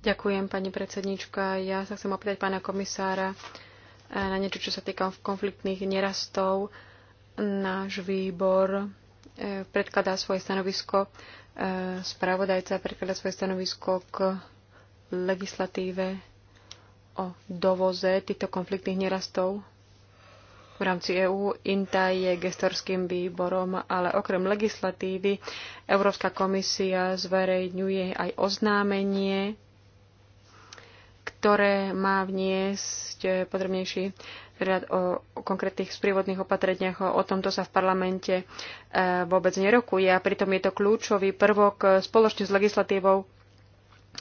Ďakujem, pani predsednička. Ja sa chcem opýtať pána komisára eh, na niečo, čo sa týka konfliktných nerastov. Náš výbor E, predkladá svoje stanovisko, e, spravodajca predkladá svoje stanovisko k legislatíve o dovoze týchto konfliktných nerastov v rámci EÚ. INTA je gestorským výborom, ale okrem legislatívy Európska komisia zverejňuje aj oznámenie ktoré má vniesť eh, podrobnejší rad o, konkrétnych sprievodných opatreniach. O, tomto sa v parlamente eh, vôbec nerokuje a pritom je to kľúčový prvok eh, spoločne s legislatívou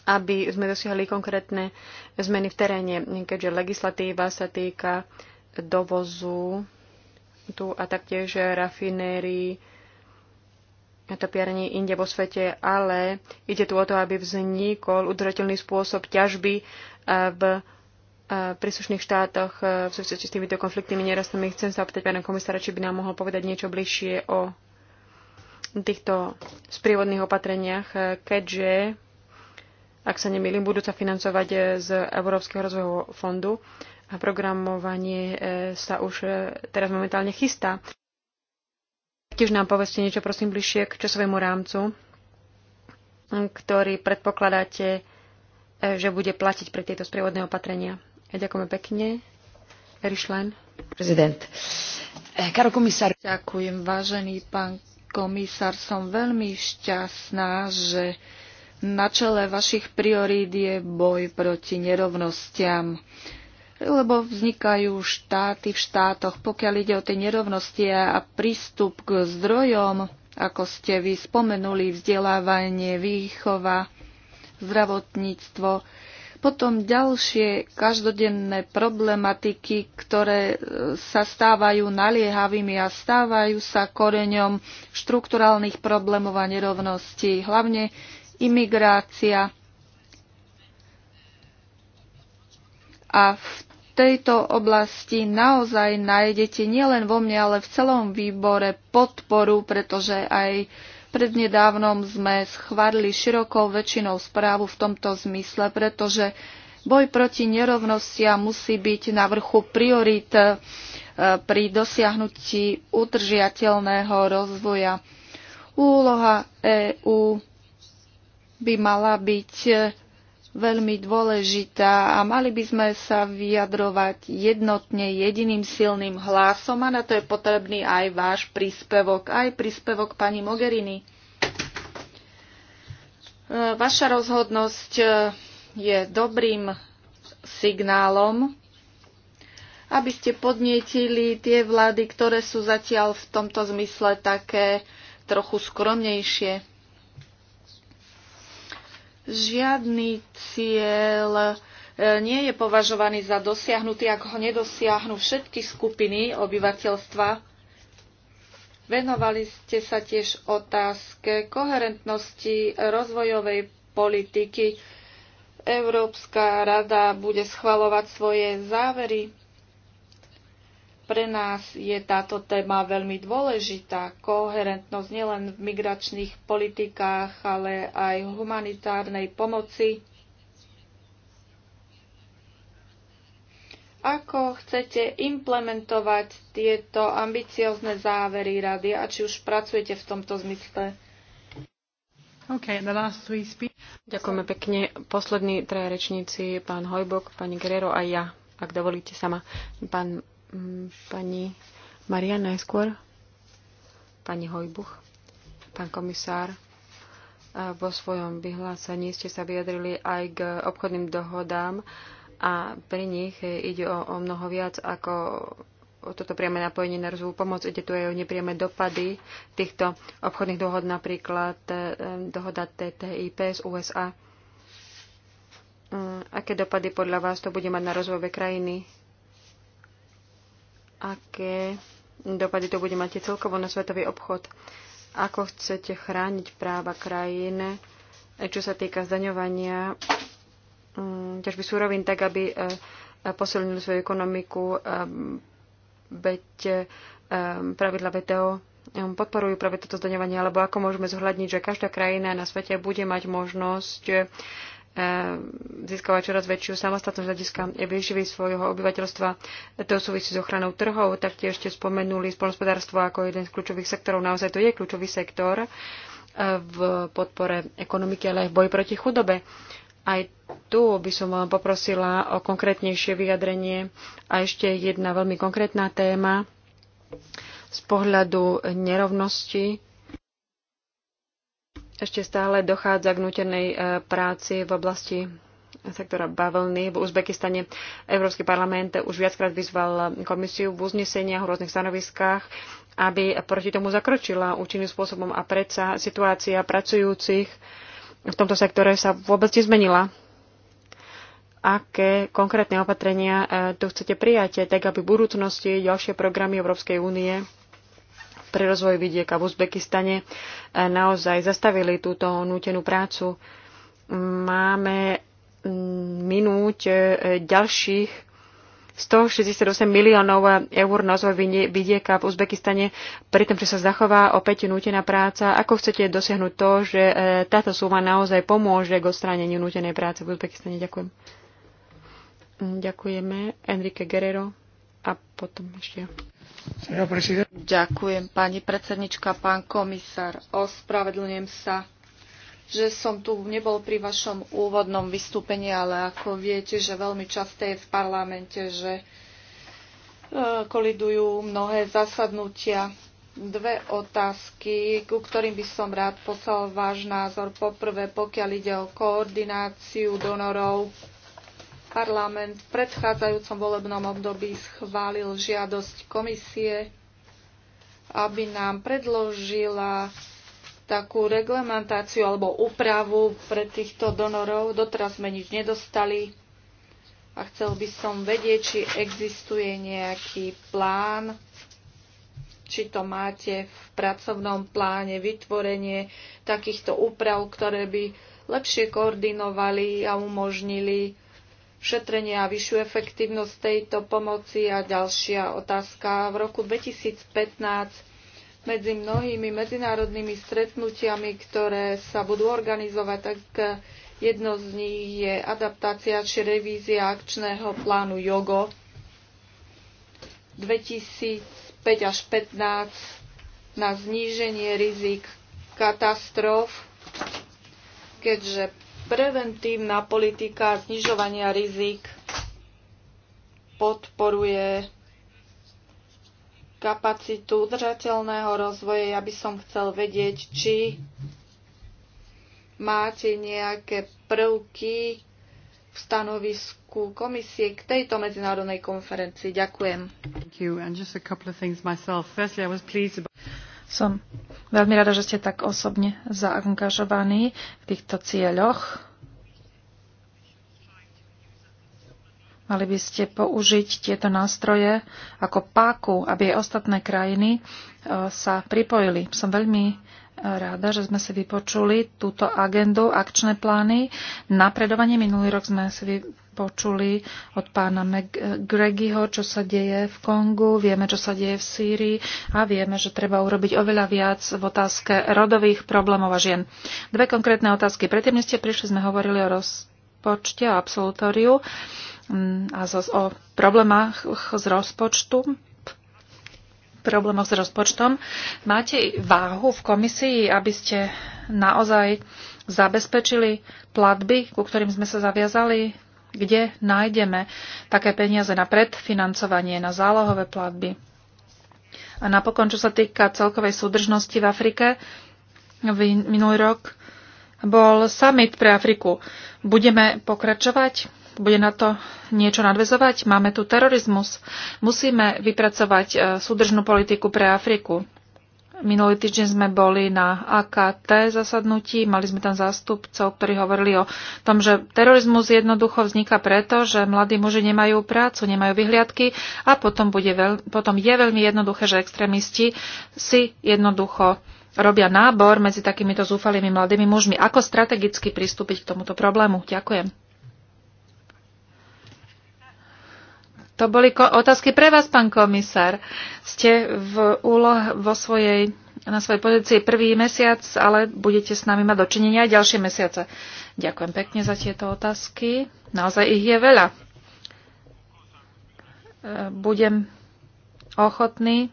aby sme dosiahli konkrétne zmeny v teréne, keďže legislatíva sa týka dovozu tu a taktiež rafinérií a topiarní inde vo svete, ale ide tu o to, aby vznikol udržateľný spôsob ťažby v príslušných štátoch e, v súvislosti s týmito konfliktnými nerastami. Chcem sa opýtať pána komisára, či by nám mohol povedať niečo bližšie o týchto sprievodných opatreniach, e, keďže, ak sa nemýlim, budú sa financovať e, z Európskeho rozvojového fondu a programovanie sa už teraz momentálne chystá. Tiež nám povedzte niečo, prosím, bližšie k časovému rámcu, ktorý predpokladáte E, že bude platiť pre tieto sprievodné opatrenia. Ďakujem ďakujeme pekne. Erišlen. Prezident. Karo e, komisár. Ďakujem, vážený pán komisár. Som veľmi šťastná, že na čele vašich priorít je boj proti nerovnostiam lebo vznikajú štáty v štátoch. Pokiaľ ide o tie nerovnosti a prístup k zdrojom, ako ste vy spomenuli, vzdelávanie, výchova, zdravotníctvo. Potom ďalšie každodenné problematiky, ktoré e, sa stávajú naliehavými a stávajú sa koreňom štrukturálnych problémov a nerovností, hlavne imigrácia. A v tejto oblasti naozaj nájdete nielen vo mne, ale v celom výbore podporu, pretože aj Prednedávnom sme schválili širokou väčšinou správu v tomto zmysle, pretože boj proti nerovnostiam musí byť na vrchu priorit eh, pri dosiahnutí udržiateľného rozvoja. Úloha EÚ by mala byť eh, veľmi dôležitá a mali by sme sa vyjadrovať jednotne jediným silným hlasom a na to je potrebný aj váš príspevok, aj príspevok pani Mogherini. E, vaša rozhodnosť e, je dobrým signálom, aby ste podnietili tie vlády, ktoré sú zatiaľ v tomto zmysle také trochu skromnejšie. Žiadny cieľ e, nie je považovaný za dosiahnutý, ak ho nedosiahnu všetky skupiny obyvateľstva. Venovali ste sa tiež otázke koherentnosti rozvojovej politiky. Európska rada bude schvalovať svoje závery pre nás je táto téma veľmi dôležitá. Koherentnosť nielen v migračných politikách, ale aj v humanitárnej pomoci. Ako chcete implementovať tieto ambiciozne závery rady a či už pracujete v tomto zmysle? Okay, the last three speak- Ďakujeme pekne. Poslední traja rečníci, pán Hojbok, pani Guerrero a ja, ak dovolíte sama. Pán Mm, pani Maria najskôr, pani Hojbuch, pán komisár, vo svojom vyhlásení ste sa vyjadrili aj k obchodným dohodám a pri nich ide o, o mnoho viac ako o toto priame napojenie na rozvojovú pomoc. Ide tu aj o nepriame dopady týchto obchodných dohod, napríklad e, dohoda TTIP z USA. Mm, aké dopady podľa vás to bude mať na rozvojové krajiny? aké dopady to bude mať celkovo na svetový obchod. Ako chcete chrániť práva krajín, čo sa týka zdaňovania mm, ťažby súrovín, tak aby e, e, posilnili svoju ekonomiku, veď e, pravidla VTO podporujú práve toto zdaňovanie, alebo ako môžeme zohľadniť, že každá krajina na svete bude mať možnosť získava čoraz väčšiu samostatnosť hľadiska výživy svojho obyvateľstva. To súvisí s ochranou trhov, taktiež ste spomenuli spolnospodárstvo ako jeden z kľúčových sektorov. Naozaj to je kľúčový sektor eh, v podpore ekonomiky, ale aj v boji proti chudobe. Aj tu by som vám poprosila o konkrétnejšie vyjadrenie. A ešte jedna veľmi konkrétna téma z pohľadu nerovnosti ešte stále dochádza k nutenej e, práci v oblasti sektora bavlny v Uzbekistane. Európsky parlament už viackrát vyzval komisiu v uzneseniach, v rôznych stanoviskách, aby proti tomu zakročila účinným spôsobom a predsa situácia pracujúcich v tomto sektore sa vôbec nezmenila. Aké konkrétne opatrenia e, tu chcete prijať, tak aby v budúcnosti ďalšie programy Európskej únie pre rozvoj vidieka v Uzbekistane e, naozaj zastavili túto nútenú prácu. Máme mm, minúť e, ďalších 168 miliónov eur na rozvoj vidieka v Uzbekistane, pri tom, že sa zachová opäť nútená práca. Ako chcete dosiahnuť to, že e, táto suma naozaj pomôže k odstráneniu nútenej práce v Uzbekistane? Ďakujem. Ďakujeme. Enrique Guerrero a potom ešte. Ďakujem, pani predsednička, pán komisár. Ospravedlňujem sa, že som tu nebol pri vašom úvodnom vystúpení, ale ako viete, že veľmi často je v parlamente, že e, kolidujú mnohé zasadnutia. Dve otázky, ku ktorým by som rád poslal váš názor. Poprvé, pokiaľ ide o koordináciu donorov Parlament v predchádzajúcom volebnom období schválil žiadosť komisie, aby nám predložila takú reglementáciu alebo úpravu pre týchto donorov. Doteraz sme nič nedostali a chcel by som vedieť, či existuje nejaký plán, či to máte v pracovnom pláne vytvorenie takýchto úprav, ktoré by lepšie koordinovali a umožnili šetrenie a vyššiu efektívnosť tejto pomoci. A ďalšia otázka. V roku 2015 medzi mnohými medzinárodnými stretnutiami, ktoré sa budú organizovať, tak jedno z nich je adaptácia či revízia akčného plánu JOGO 2005 až 2015 na zníženie rizik katastrof, keďže preventívna politika znižovania rizik podporuje kapacitu udržateľného rozvoja. Ja by som chcel vedieť, či máte nejaké prvky v stanovisku komisie k tejto medzinárodnej konferencii. Ďakujem. Som veľmi rada, že ste tak osobne zaangažovaní v týchto cieľoch. Mali by ste použiť tieto nástroje ako páku, aby aj ostatné krajiny eh, sa pripojili. Som veľmi rada, že sme si vypočuli túto agendu, akčné plány. Napredovanie minulý rok sme si vypočuli od pána Gregiho, čo sa deje v Kongu, vieme, čo sa deje v Sýrii a vieme, že treba urobiť oveľa viac v otázke rodových problémov a žien. Dve konkrétne otázky. Predtým, než ste prišli, sme hovorili o rozpočte, o absolutóriu mm, a o problémach z rozpočtu problémoch s rozpočtom. Máte váhu v komisii, aby ste naozaj zabezpečili platby, ku ktorým sme sa zaviazali? Kde nájdeme také peniaze na predfinancovanie, na zálohové platby? A napokon, čo sa týka celkovej súdržnosti v Afrike, minulý rok bol summit pre Afriku. Budeme pokračovať? bude na to niečo nadvezovať? Máme tu terorizmus. Musíme vypracovať e, súdržnú politiku pre Afriku. Minulý týždeň sme boli na AKT zasadnutí, mali sme tam zástupcov, ktorí hovorili o tom, že terorizmus jednoducho vzniká preto, že mladí muži nemajú prácu, nemajú vyhliadky a potom, bude veľ, potom je veľmi jednoduché, že extrémisti si jednoducho robia nábor medzi takýmito zúfalými mladými mužmi. Ako strategicky pristúpiť k tomuto problému? Ďakujem. To boli otázky pre vás, pán komisár. Ste v úloh vo svojej, na svojej pozícii prvý mesiac, ale budete s nami mať dočinenia aj ďalšie mesiace. Ďakujem pekne za tieto otázky. Naozaj ich je veľa. E, budem ochotný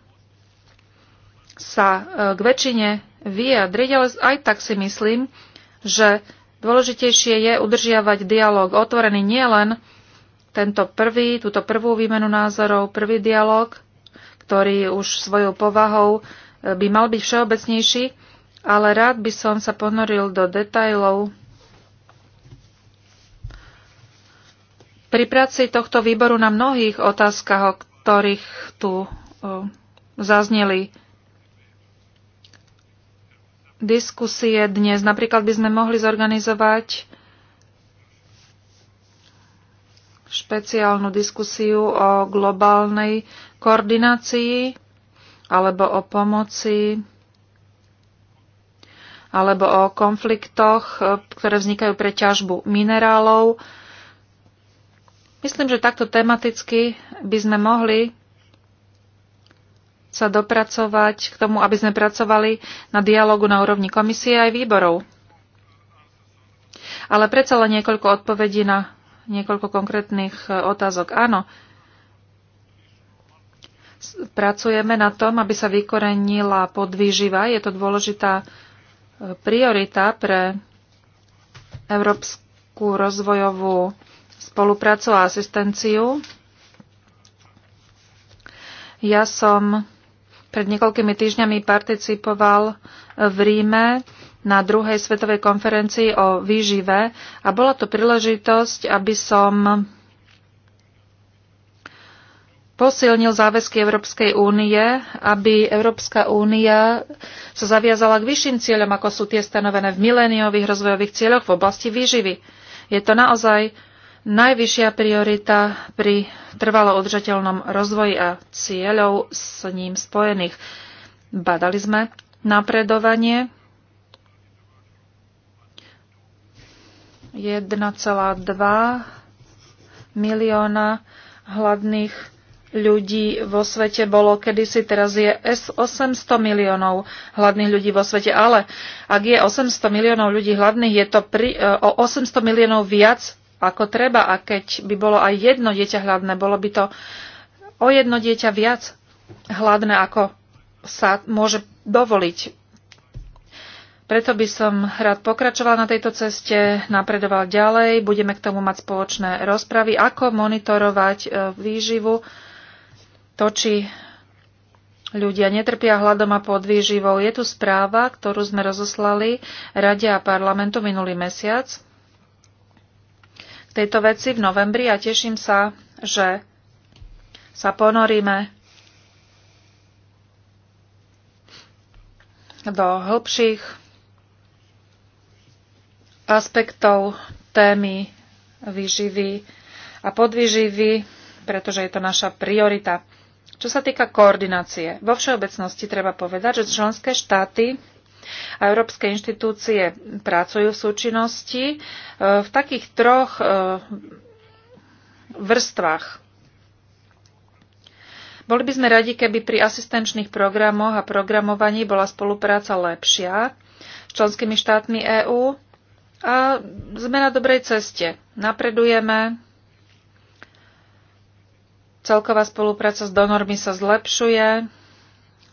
sa e, k väčšine vyjadriť, ale aj tak si myslím, že dôležitejšie je udržiavať dialog otvorený nielen len tento prvý, túto prvú výmenu názorov, prvý dialog, ktorý už svojou povahou e, by mal byť všeobecnejší, ale rád by som sa ponoril do detajlov. Pri práci tohto výboru na mnohých otázkach, o ktorých tu e, zazneli diskusie dnes, napríklad by sme mohli zorganizovať špeciálnu diskusiu o globálnej koordinácii alebo o pomoci alebo o konfliktoch, e, ktoré vznikajú pre ťažbu minerálov. Myslím, že takto tematicky by sme mohli sa dopracovať k tomu, aby sme pracovali na dialogu na úrovni komisie aj výborov. Ale predsa len niekoľko odpovedí na niekoľko konkrétnych e, otázok. Áno, pracujeme na tom, aby sa vykorenila podvýživa. Je to dôležitá e, priorita pre európsku rozvojovú spoluprácu a asistenciu. Ja som pred niekoľkými týždňami participoval v Ríme na druhej svetovej konferencii o výžive a bola to príležitosť, aby som posilnil záväzky Európskej únie, aby Európska únia sa zaviazala k vyšším cieľom, ako sú tie stanovené v miléniových rozvojových cieľoch v oblasti výživy. Je to naozaj najvyššia priorita pri trvalo udržateľnom rozvoji a cieľov s ním spojených. Badali sme napredovanie 1,2 milióna hladných ľudí vo svete bolo kedysi, teraz je 800 miliónov hladných ľudí vo svete. Ale ak je 800 miliónov ľudí hladných, je to pri, e, o 800 miliónov viac ako treba. A keď by bolo aj jedno dieťa hladné, bolo by to o jedno dieťa viac hladné, ako sa môže dovoliť preto by som rád pokračovala na tejto ceste, napredoval ďalej, budeme k tomu mať spoločné rozpravy, ako monitorovať e, výživu, to, či ľudia netrpia hladom a podvýživou. Je tu správa, ktorú sme rozoslali Rade a parlamentu minulý mesiac k tejto veci v novembri a teším sa, že sa ponoríme do hĺbších aspektov témy výživy a podvyživy, pretože je to naša priorita. Čo sa týka koordinácie, vo všeobecnosti treba povedať, že členské štáty a európske inštitúcie pracujú v súčinnosti e, v takých troch e, vrstvách. Boli by sme radi, keby pri asistenčných programoch a programovaní bola spolupráca lepšia s členskými štátmi EÚ a sme na dobrej ceste. Napredujeme. Celková spolupráca s donormi sa zlepšuje.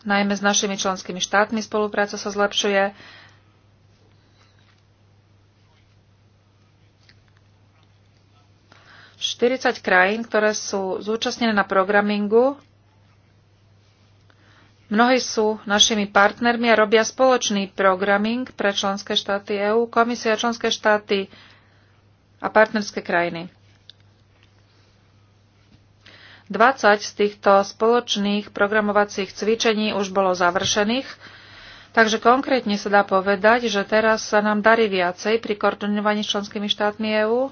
Najmä s našimi členskými štátmi spolupráca sa zlepšuje. 40 krajín, ktoré sú zúčastnené na programingu, Mnohí sú našimi partnermi a robia spoločný programming pre členské štáty EÚ, komisia, členské štáty a partnerské krajiny. 20 z týchto spoločných programovacích cvičení už bolo završených, takže konkrétne sa dá povedať, že teraz sa nám darí viacej pri koordinovaní s členskými štátmi EÚ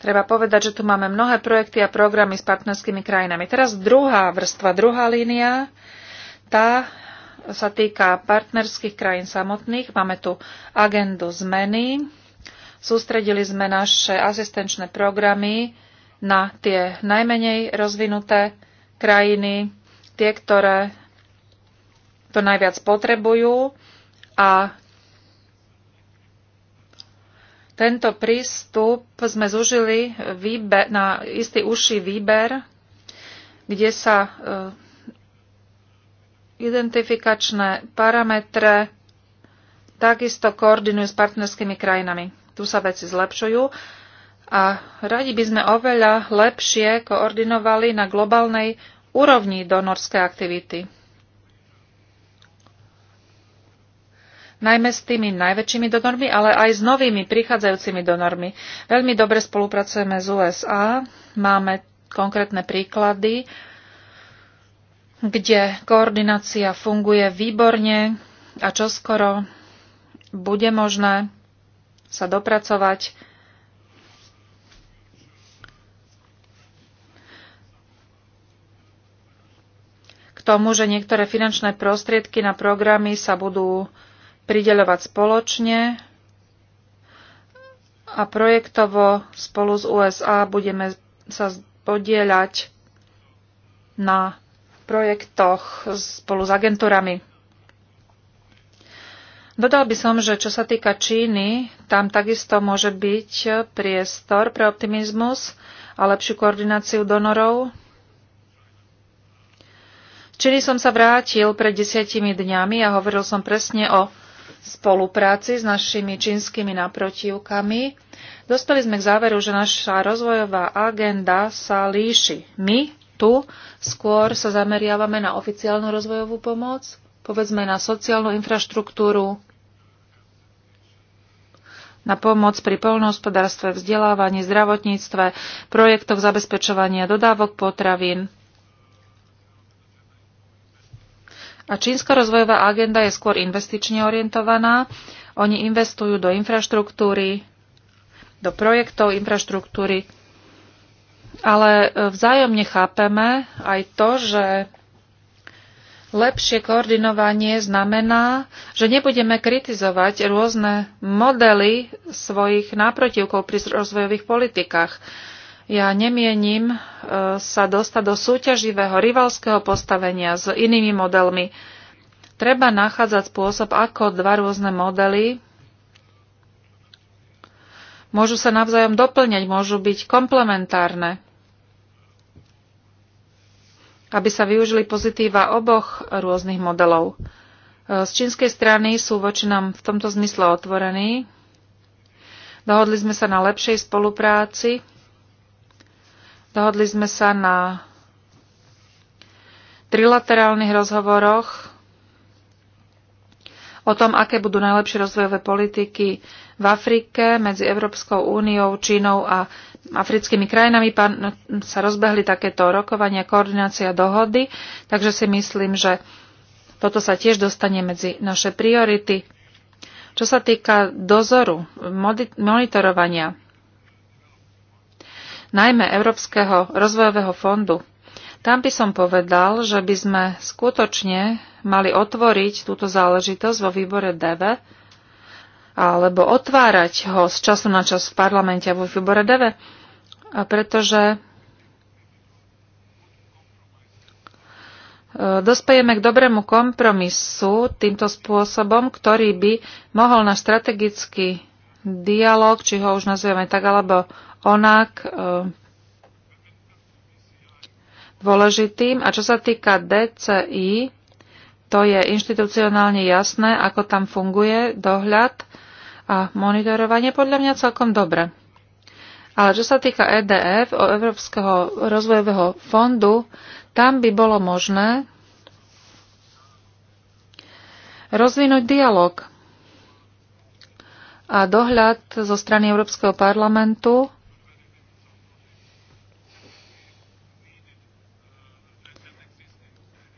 Treba povedať, že tu máme mnohé projekty a programy s partnerskými krajinami. Teraz druhá vrstva, druhá línia, tá sa týka partnerských krajín samotných. Máme tu agendu zmeny. Sústredili sme naše asistenčné programy na tie najmenej rozvinuté krajiny, tie, ktoré to najviac potrebujú a tento prístup sme zužili výber, na istý užší výber, kde sa e, identifikačné parametre takisto koordinujú s partnerskými krajinami. Tu sa veci zlepšujú a radi by sme oveľa lepšie koordinovali na globálnej úrovni donorské aktivity. najmä s tými najväčšími donormi, ale aj s novými prichádzajúcimi donormi. Veľmi dobre spolupracujeme s USA, máme konkrétne príklady, kde koordinácia funguje výborne a čoskoro bude možné sa dopracovať k tomu, že niektoré finančné prostriedky na programy sa budú prideľovať spoločne a projektovo spolu s USA budeme sa podieľať na projektoch spolu s agentúrami. Dodal by som, že čo sa týka Číny, tam takisto môže byť priestor pre optimizmus a lepšiu koordináciu donorov. Číny som sa vrátil pred desiatimi dňami a hovoril som presne o spolupráci s našimi čínskymi naprotivkami. Dospeli sme k záveru, že naša rozvojová agenda sa líši. My tu skôr sa zameriavame na oficiálnu rozvojovú pomoc, povedzme na sociálnu infraštruktúru, na pomoc pri poľnohospodárstve, vzdelávaní, zdravotníctve, projektoch zabezpečovania dodávok potravín A čínska rozvojová agenda je skôr investične orientovaná. Oni investujú do infraštruktúry, do projektov infraštruktúry, ale e, vzájomne chápeme aj to, že lepšie koordinovanie znamená, že nebudeme kritizovať rôzne modely svojich náprotivkov pri rozvojových politikách. Ja nemienim e, sa dostať do súťaživého rivalského postavenia s inými modelmi. Treba nachádzať spôsob, ako dva rôzne modely môžu sa navzájom doplňať, môžu byť komplementárne, aby sa využili pozitíva oboch rôznych modelov. E, z čínskej strany sú voči nám v tomto zmysle otvorení. Dohodli sme sa na lepšej spolupráci Dohodli sme sa na trilaterálnych rozhovoroch o tom, aké budú najlepšie rozvojové politiky v Afrike medzi Európskou úniou, Čínou a africkými krajinami pán, sa rozbehli takéto rokovania, koordinácia dohody, takže si myslím, že toto sa tiež dostane medzi naše priority. Čo sa týka dozoru, monitorovania, najmä Európskeho rozvojového fondu. Tam by som povedal, že by sme skutočne mali otvoriť túto záležitosť vo výbore DV, alebo otvárať ho z času na čas v parlamente a vo výbore DV, pretože e, dospejeme k dobrému kompromisu týmto spôsobom, ktorý by mohol na strategický dialog, či ho už nazývame tak alebo onak e, dôležitým. A čo sa týka DCI, to je inštitucionálne jasné, ako tam funguje dohľad a monitorovanie podľa mňa celkom dobre. Ale čo sa týka EDF, o Európskeho rozvojového fondu, tam by bolo možné rozvinúť dialog a dohľad zo strany Európskeho parlamentu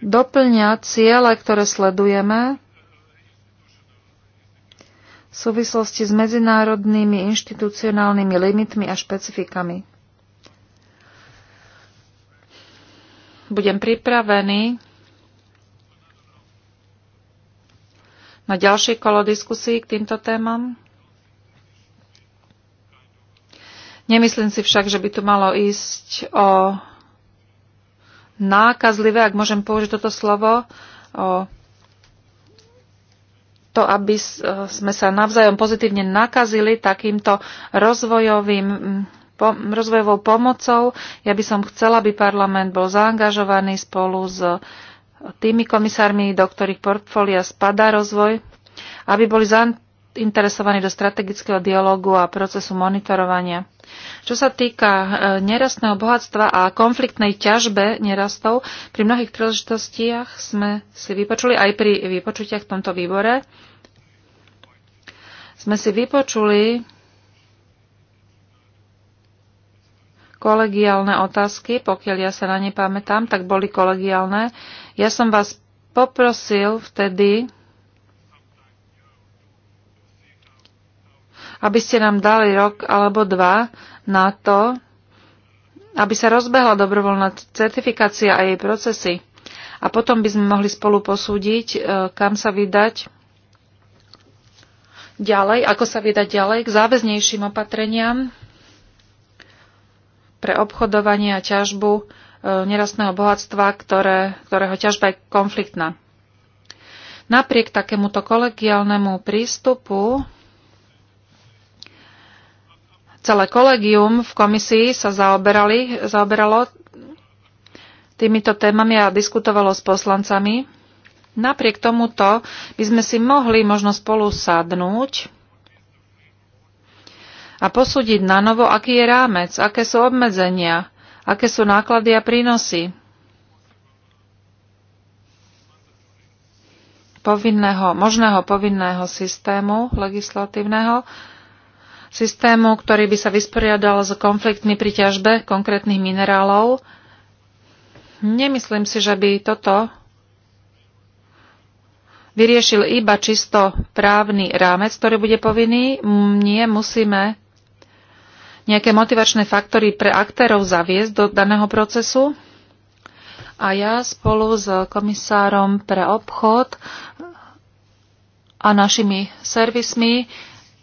doplňa ciele, ktoré sledujeme v súvislosti s medzinárodnými inštitucionálnymi limitmi a špecifikami. Budem pripravený na ďalšie kolo diskusí k týmto témam. Nemyslím si však, že by tu malo ísť o nákazlivé, ak môžem použiť toto slovo, o to, aby e, sme sa navzájom pozitívne nakazili takýmto rozvojovým, rozvojovou pomocou. Ja by som chcela, aby parlament bol zaangažovaný spolu s tými komisármi, do ktorých portfólia spadá rozvoj, aby boli za, interesovaní do strategického dialogu a procesu monitorovania. Čo sa týka e, nerastného bohatstva a konfliktnej ťažbe nerastov, pri mnohých príležitostiach sme si vypočuli, aj pri vypočutiach v tomto výbore, sme si vypočuli kolegiálne otázky, pokiaľ ja sa na ne pamätám, tak boli kolegiálne. Ja som vás poprosil vtedy, aby ste nám dali rok alebo dva na to, aby sa rozbehla dobrovoľná certifikácia a jej procesy. A potom by sme mohli spolu posúdiť, e, kam sa vydať ďalej, ako sa vydať ďalej k záväznejším opatreniam pre obchodovanie a ťažbu e, nerastného bohatstva, ktoré, ktorého ťažba je konfliktná. Napriek takémuto kolegiálnemu prístupu celé kolegium v komisii sa zaoberali, zaoberalo týmito témami a diskutovalo s poslancami. Napriek tomuto by sme si mohli možno spolu sadnúť a posúdiť na novo, aký je rámec, aké sú obmedzenia, aké sú náklady a prínosy povinného, možného povinného systému legislatívneho, systému, ktorý by sa vysporiadal s konfliktmi pri ťažbe konkrétnych minerálov. Nemyslím si, že by toto vyriešil iba čisto právny rámec, ktorý bude povinný. Nie, musíme nejaké motivačné faktory pre aktérov zaviesť do daného procesu. A ja spolu s komisárom pre obchod a našimi servismi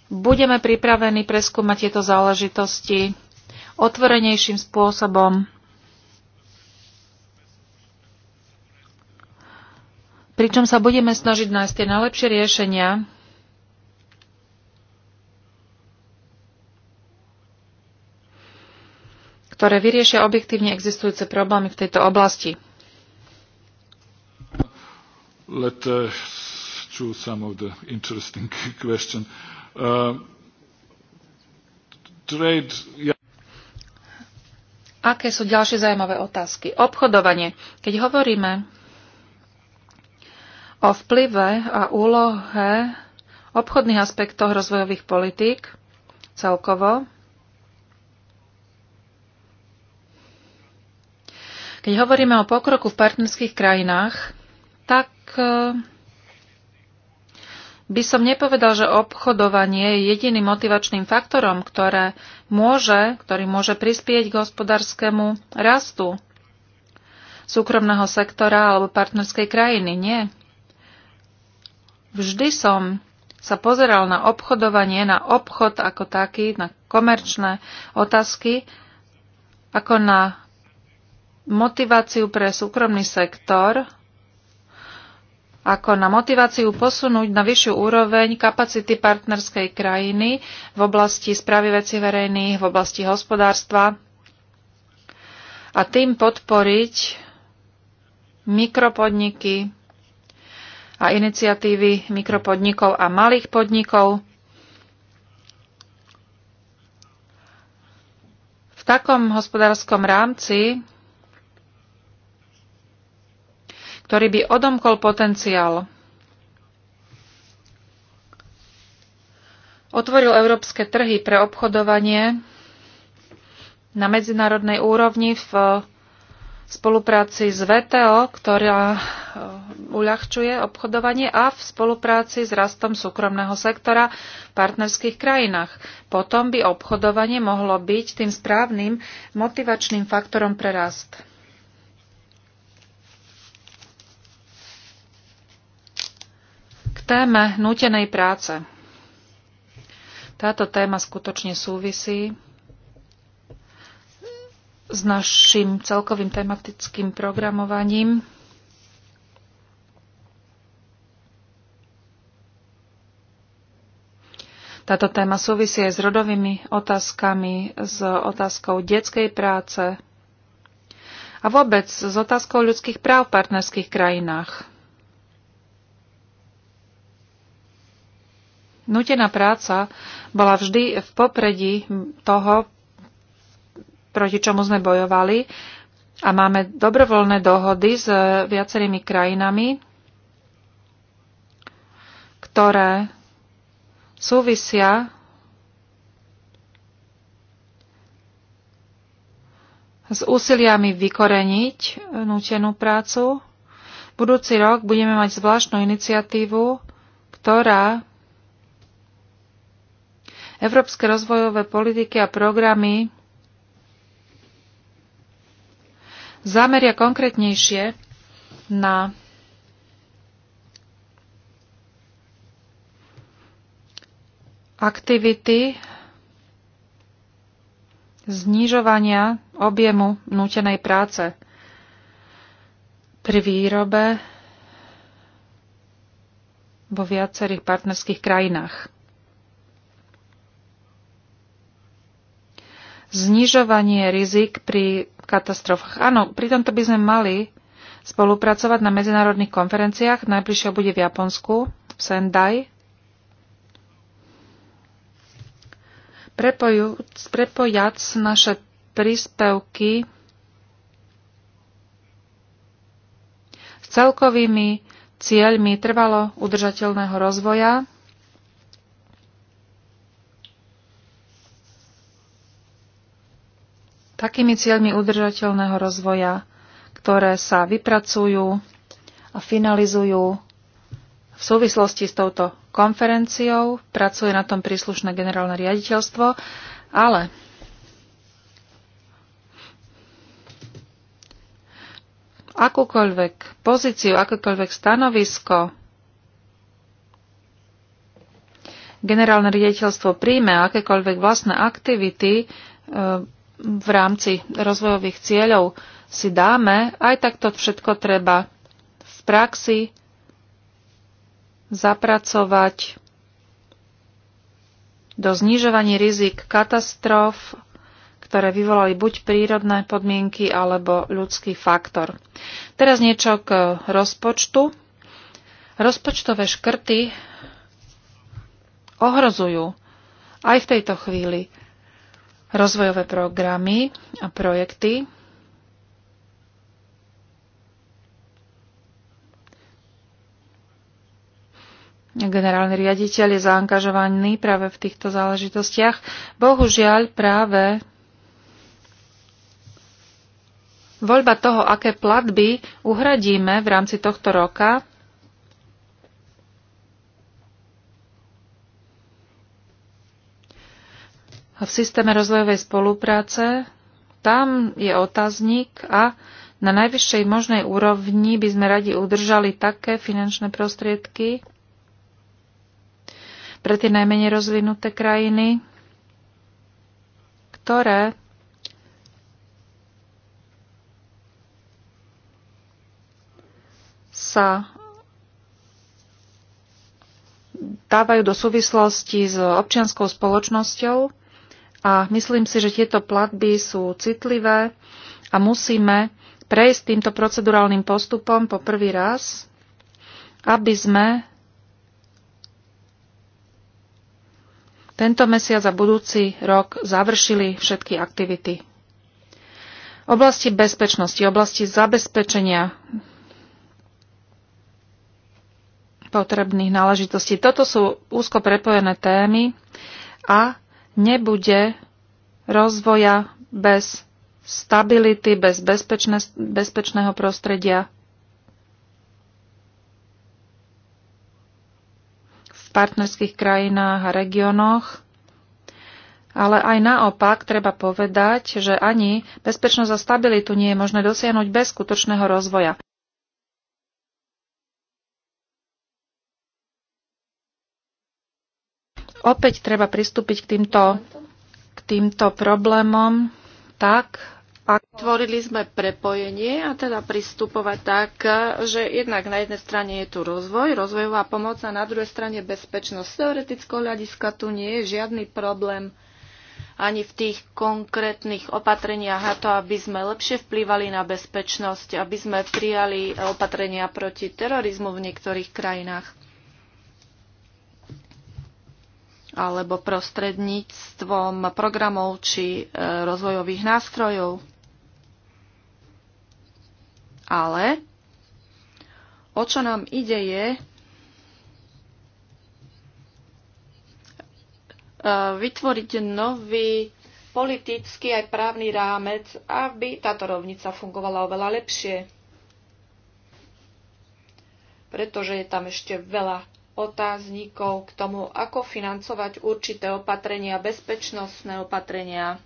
Budeme pripravení preskúmať tieto záležitosti otvorenejším spôsobom. Pričom sa budeme snažiť nájsť tie najlepšie riešenia, ktoré vyriešia objektívne existujúce problémy v tejto oblasti. Let, uh, some of the interesting [laughs] Uh, trade, ja... Aké sú ďalšie zaujímavé otázky? Obchodovanie. Keď hovoríme o vplyve a úlohe obchodných aspektoch rozvojových politík celkovo, keď hovoríme o pokroku v partnerských krajinách, tak eh, by som nepovedal, že obchodovanie je jediným motivačným faktorom, ktoré môže, ktorý môže prispieť k hospodárskému rastu súkromného sektora alebo partnerskej krajiny. Nie. Vždy som sa pozeral na obchodovanie, na obchod ako taký, na komerčné otázky, ako na motiváciu pre súkromný sektor ako na motiváciu posunúť na vyššiu úroveň kapacity partnerskej krajiny v oblasti správy veci verejných, v oblasti hospodárstva a tým podporiť mikropodniky a iniciatívy mikropodnikov a malých podnikov. V takom hospodárskom rámci ktorý by odomkol potenciál. Otvoril európske trhy pre obchodovanie na medzinárodnej úrovni v spolupráci s VTO, ktorá e, uľahčuje obchodovanie a v spolupráci s rastom súkromného sektora v partnerských krajinách. Potom by obchodovanie mohlo byť tým správnym motivačným faktorom pre rast. téme nútenej práce. Táto téma skutočne súvisí s našim celkovým tematickým programovaním. Táto téma súvisí aj s rodovými otázkami, s otázkou detskej práce a vôbec s otázkou ľudských práv v partnerských krajinách. Nutená práca bola vždy v popredí toho, proti čomu sme bojovali a máme dobrovoľné dohody s eh, viacerými krajinami, ktoré súvisia s úsiliami vykoreniť eh, nútenú prácu. Budúci rok budeme mať zvláštnu iniciatívu, ktorá Európske rozvojové politiky a programy zameria konkrétnejšie na aktivity znižovania objemu nútenej práce pri výrobe vo viacerých partnerských krajinách. znižovanie rizik pri katastrofách. Áno, pri tomto by sme mali spolupracovať na medzinárodných konferenciách. Najbližšia bude v Japonsku, v Sendai. Prepojúc, prepojac naše príspevky s celkovými cieľmi trvalo udržateľného rozvoja, takými cieľmi udržateľného rozvoja, ktoré sa vypracujú a finalizujú v súvislosti s touto konferenciou. Pracuje na tom príslušné generálne riaditeľstvo, ale akúkoľvek pozíciu, akékoľvek stanovisko generálne riaditeľstvo príjme akékoľvek vlastné aktivity, e, v rámci rozvojových cieľov si dáme, aj tak to všetko treba v praxi zapracovať do znižovania rizik katastrof, ktoré vyvolali buď prírodné podmienky alebo ľudský faktor. Teraz niečo k rozpočtu. Rozpočtové škrty ohrozujú aj v tejto chvíli rozvojové programy a projekty. Generálny riaditeľ je zaangažovaný práve v týchto záležitostiach. Bohužiaľ práve voľba toho, aké platby uhradíme v rámci tohto roka, v systéme rozvojovej spolupráce, tam je otáznik a na najvyššej možnej úrovni by sme radi udržali také finančné prostriedky pre tie najmenej rozvinuté krajiny, ktoré sa dávajú do súvislosti s občianskou spoločnosťou a myslím si, že tieto platby sú citlivé a musíme prejsť týmto procedurálnym postupom po prvý raz, aby sme tento mesiac a budúci rok završili všetky aktivity. Oblasti bezpečnosti, oblasti zabezpečenia potrebných náležitostí. Toto sú úzko prepojené témy a nebude rozvoja bez stability, bez bezpečné, bezpečného prostredia. v partnerských krajinách a regiónoch. Ale aj naopak treba povedať, že ani bezpečnosť a stabilitu nie je možné dosiahnuť bez skutočného rozvoja. opäť treba pristúpiť k týmto, k týmto problémom tak, ak tvorili sme prepojenie a teda pristupovať tak, že jednak na jednej strane je tu rozvoj, rozvojová pomoc a na druhej strane bezpečnosť. Teoretického hľadiska tu nie je žiadny problém ani v tých konkrétnych opatreniach a to, aby sme lepšie vplývali na bezpečnosť, aby sme prijali opatrenia proti terorizmu v niektorých krajinách. alebo prostredníctvom programov či e, rozvojových nástrojov. Ale o čo nám ide je e, vytvoriť nový politický aj právny rámec, aby táto rovnica fungovala oveľa lepšie. Pretože je tam ešte veľa otáznikov k tomu, ako financovať určité opatrenia, bezpečnostné opatrenia.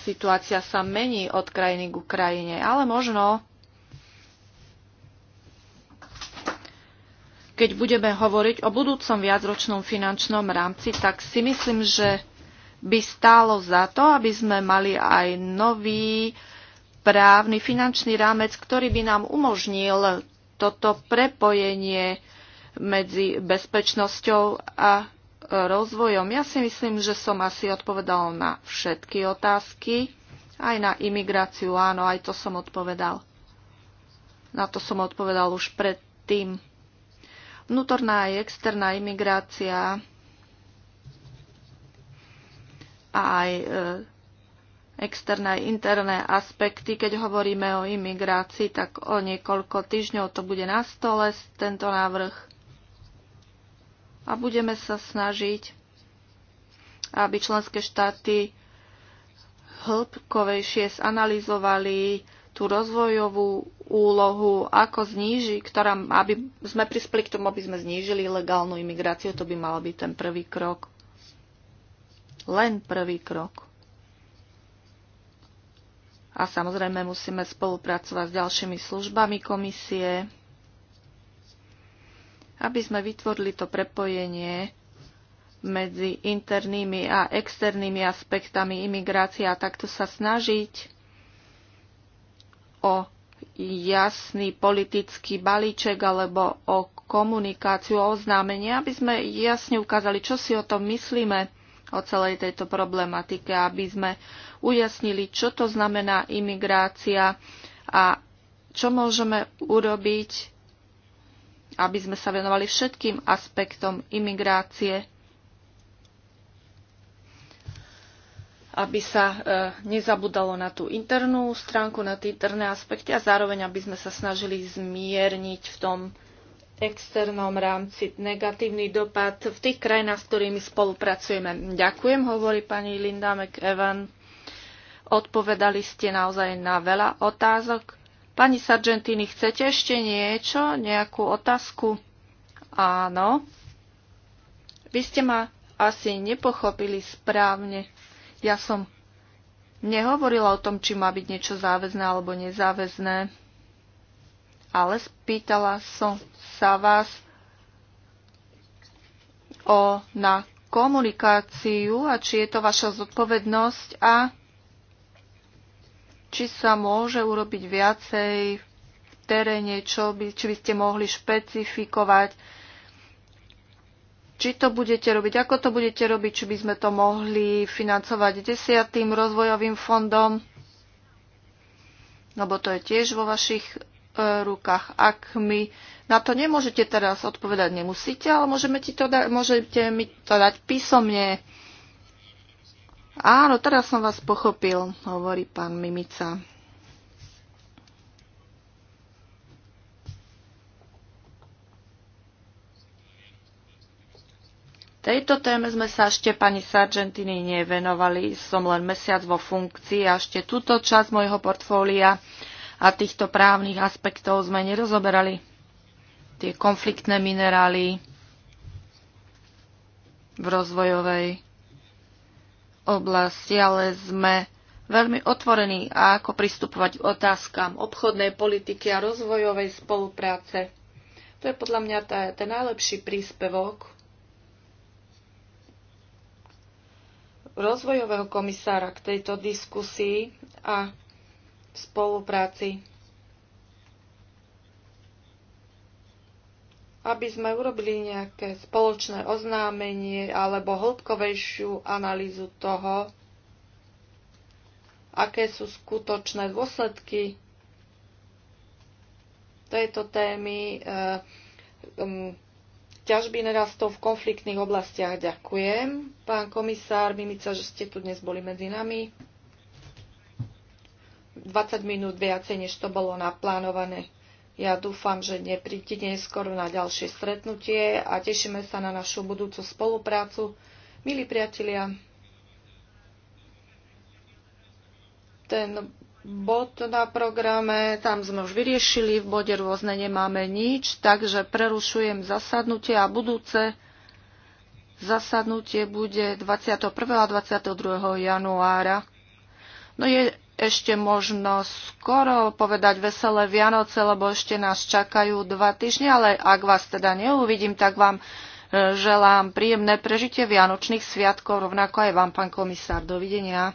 Situácia sa mení od krajiny k krajine, ale možno, keď budeme hovoriť o budúcom viacročnom finančnom rámci, tak si myslím, že by stálo za to, aby sme mali aj nový právny finančný rámec, ktorý by nám umožnil toto prepojenie medzi bezpečnosťou a rozvojom. Ja si myslím, že som asi odpovedal na všetky otázky, aj na imigráciu, áno, aj to som odpovedal. Na to som odpovedal už predtým. Vnútorná aj externá imigrácia a aj e, externé, interné aspekty. Keď hovoríme o imigrácii, tak o niekoľko týždňov to bude na stole tento návrh. A budeme sa snažiť, aby členské štáty hĺbkovejšie zanalizovali tú rozvojovú úlohu, ako zníži, ktorá, aby sme prispeli k tomu, aby sme znížili legálnu imigráciu, to by mal byť ten prvý krok len prvý krok. A samozrejme musíme spolupracovať s ďalšími službami komisie, aby sme vytvorili to prepojenie medzi internými a externými aspektami imigrácie a takto sa snažiť o jasný politický balíček alebo o komunikáciu, o oznámenie, aby sme jasne ukázali, čo si o tom myslíme o celej tejto problematike, aby sme ujasnili, čo to znamená imigrácia a čo môžeme urobiť, aby sme sa venovali všetkým aspektom imigrácie, aby sa e, nezabudalo na tú internú stránku, na tie interné aspekty a zároveň, aby sme sa snažili zmierniť v tom externom rámci negatívny dopad v tých krajinách, s ktorými spolupracujeme. Ďakujem, hovorí pani Linda McEvan. Odpovedali ste naozaj na veľa otázok. Pani Sargentini, chcete ešte niečo, nejakú otázku? Áno. Vy ste ma asi nepochopili správne. Ja som nehovorila o tom, či má byť niečo záväzné alebo nezáväzné, ale spýtala som sa vás o, na komunikáciu a či je to vaša zodpovednosť a či sa môže urobiť viacej v teréne, čo by, či by ste mohli špecifikovať, či to budete robiť, ako to budete robiť, či by sme to mohli financovať desiatým rozvojovým fondom, lebo to je tiež vo vašich rukách. Ak mi na to nemôžete teraz odpovedať, nemusíte, ale môžeme ti to da- môžete mi to dať písomne. Áno, teraz som vás pochopil, hovorí pán Mimica. Tejto téme sme sa ešte pani Sargentini nevenovali, som len mesiac vo funkcii a ešte túto časť môjho portfólia a týchto právnych aspektov sme nerozoberali. Tie konfliktné minerály v rozvojovej oblasti, ale sme veľmi otvorení a ako pristupovať k otázkam obchodnej politiky a rozvojovej spolupráce. To je podľa mňa tá, ten najlepší príspevok rozvojového komisára k tejto diskusii a spolupráci. aby sme urobili nejaké spoločné oznámenie alebo hĺbkovejšiu analýzu toho, aké sú skutočné dôsledky tejto témy eh, um, ťažby nerastov v konfliktných oblastiach. Ďakujem, pán komisár Mimica, že ste tu dnes boli medzi nami. 20 minút viacej, než to bolo naplánované. Ja dúfam, že nepríti skoro na ďalšie stretnutie a tešíme sa na našu budúcu spoluprácu. Milí priatelia, ten bod na programe, tam sme už vyriešili, v bode rôzne nemáme nič, takže prerušujem zasadnutie a budúce zasadnutie bude 21. a 22. januára. No je ešte možno skoro povedať veselé Vianoce, lebo ešte nás čakajú dva týždne, ale ak vás teda neuvidím, tak vám e, želám príjemné prežitie Vianočných sviatkov, rovnako aj vám, pán komisár. Dovidenia.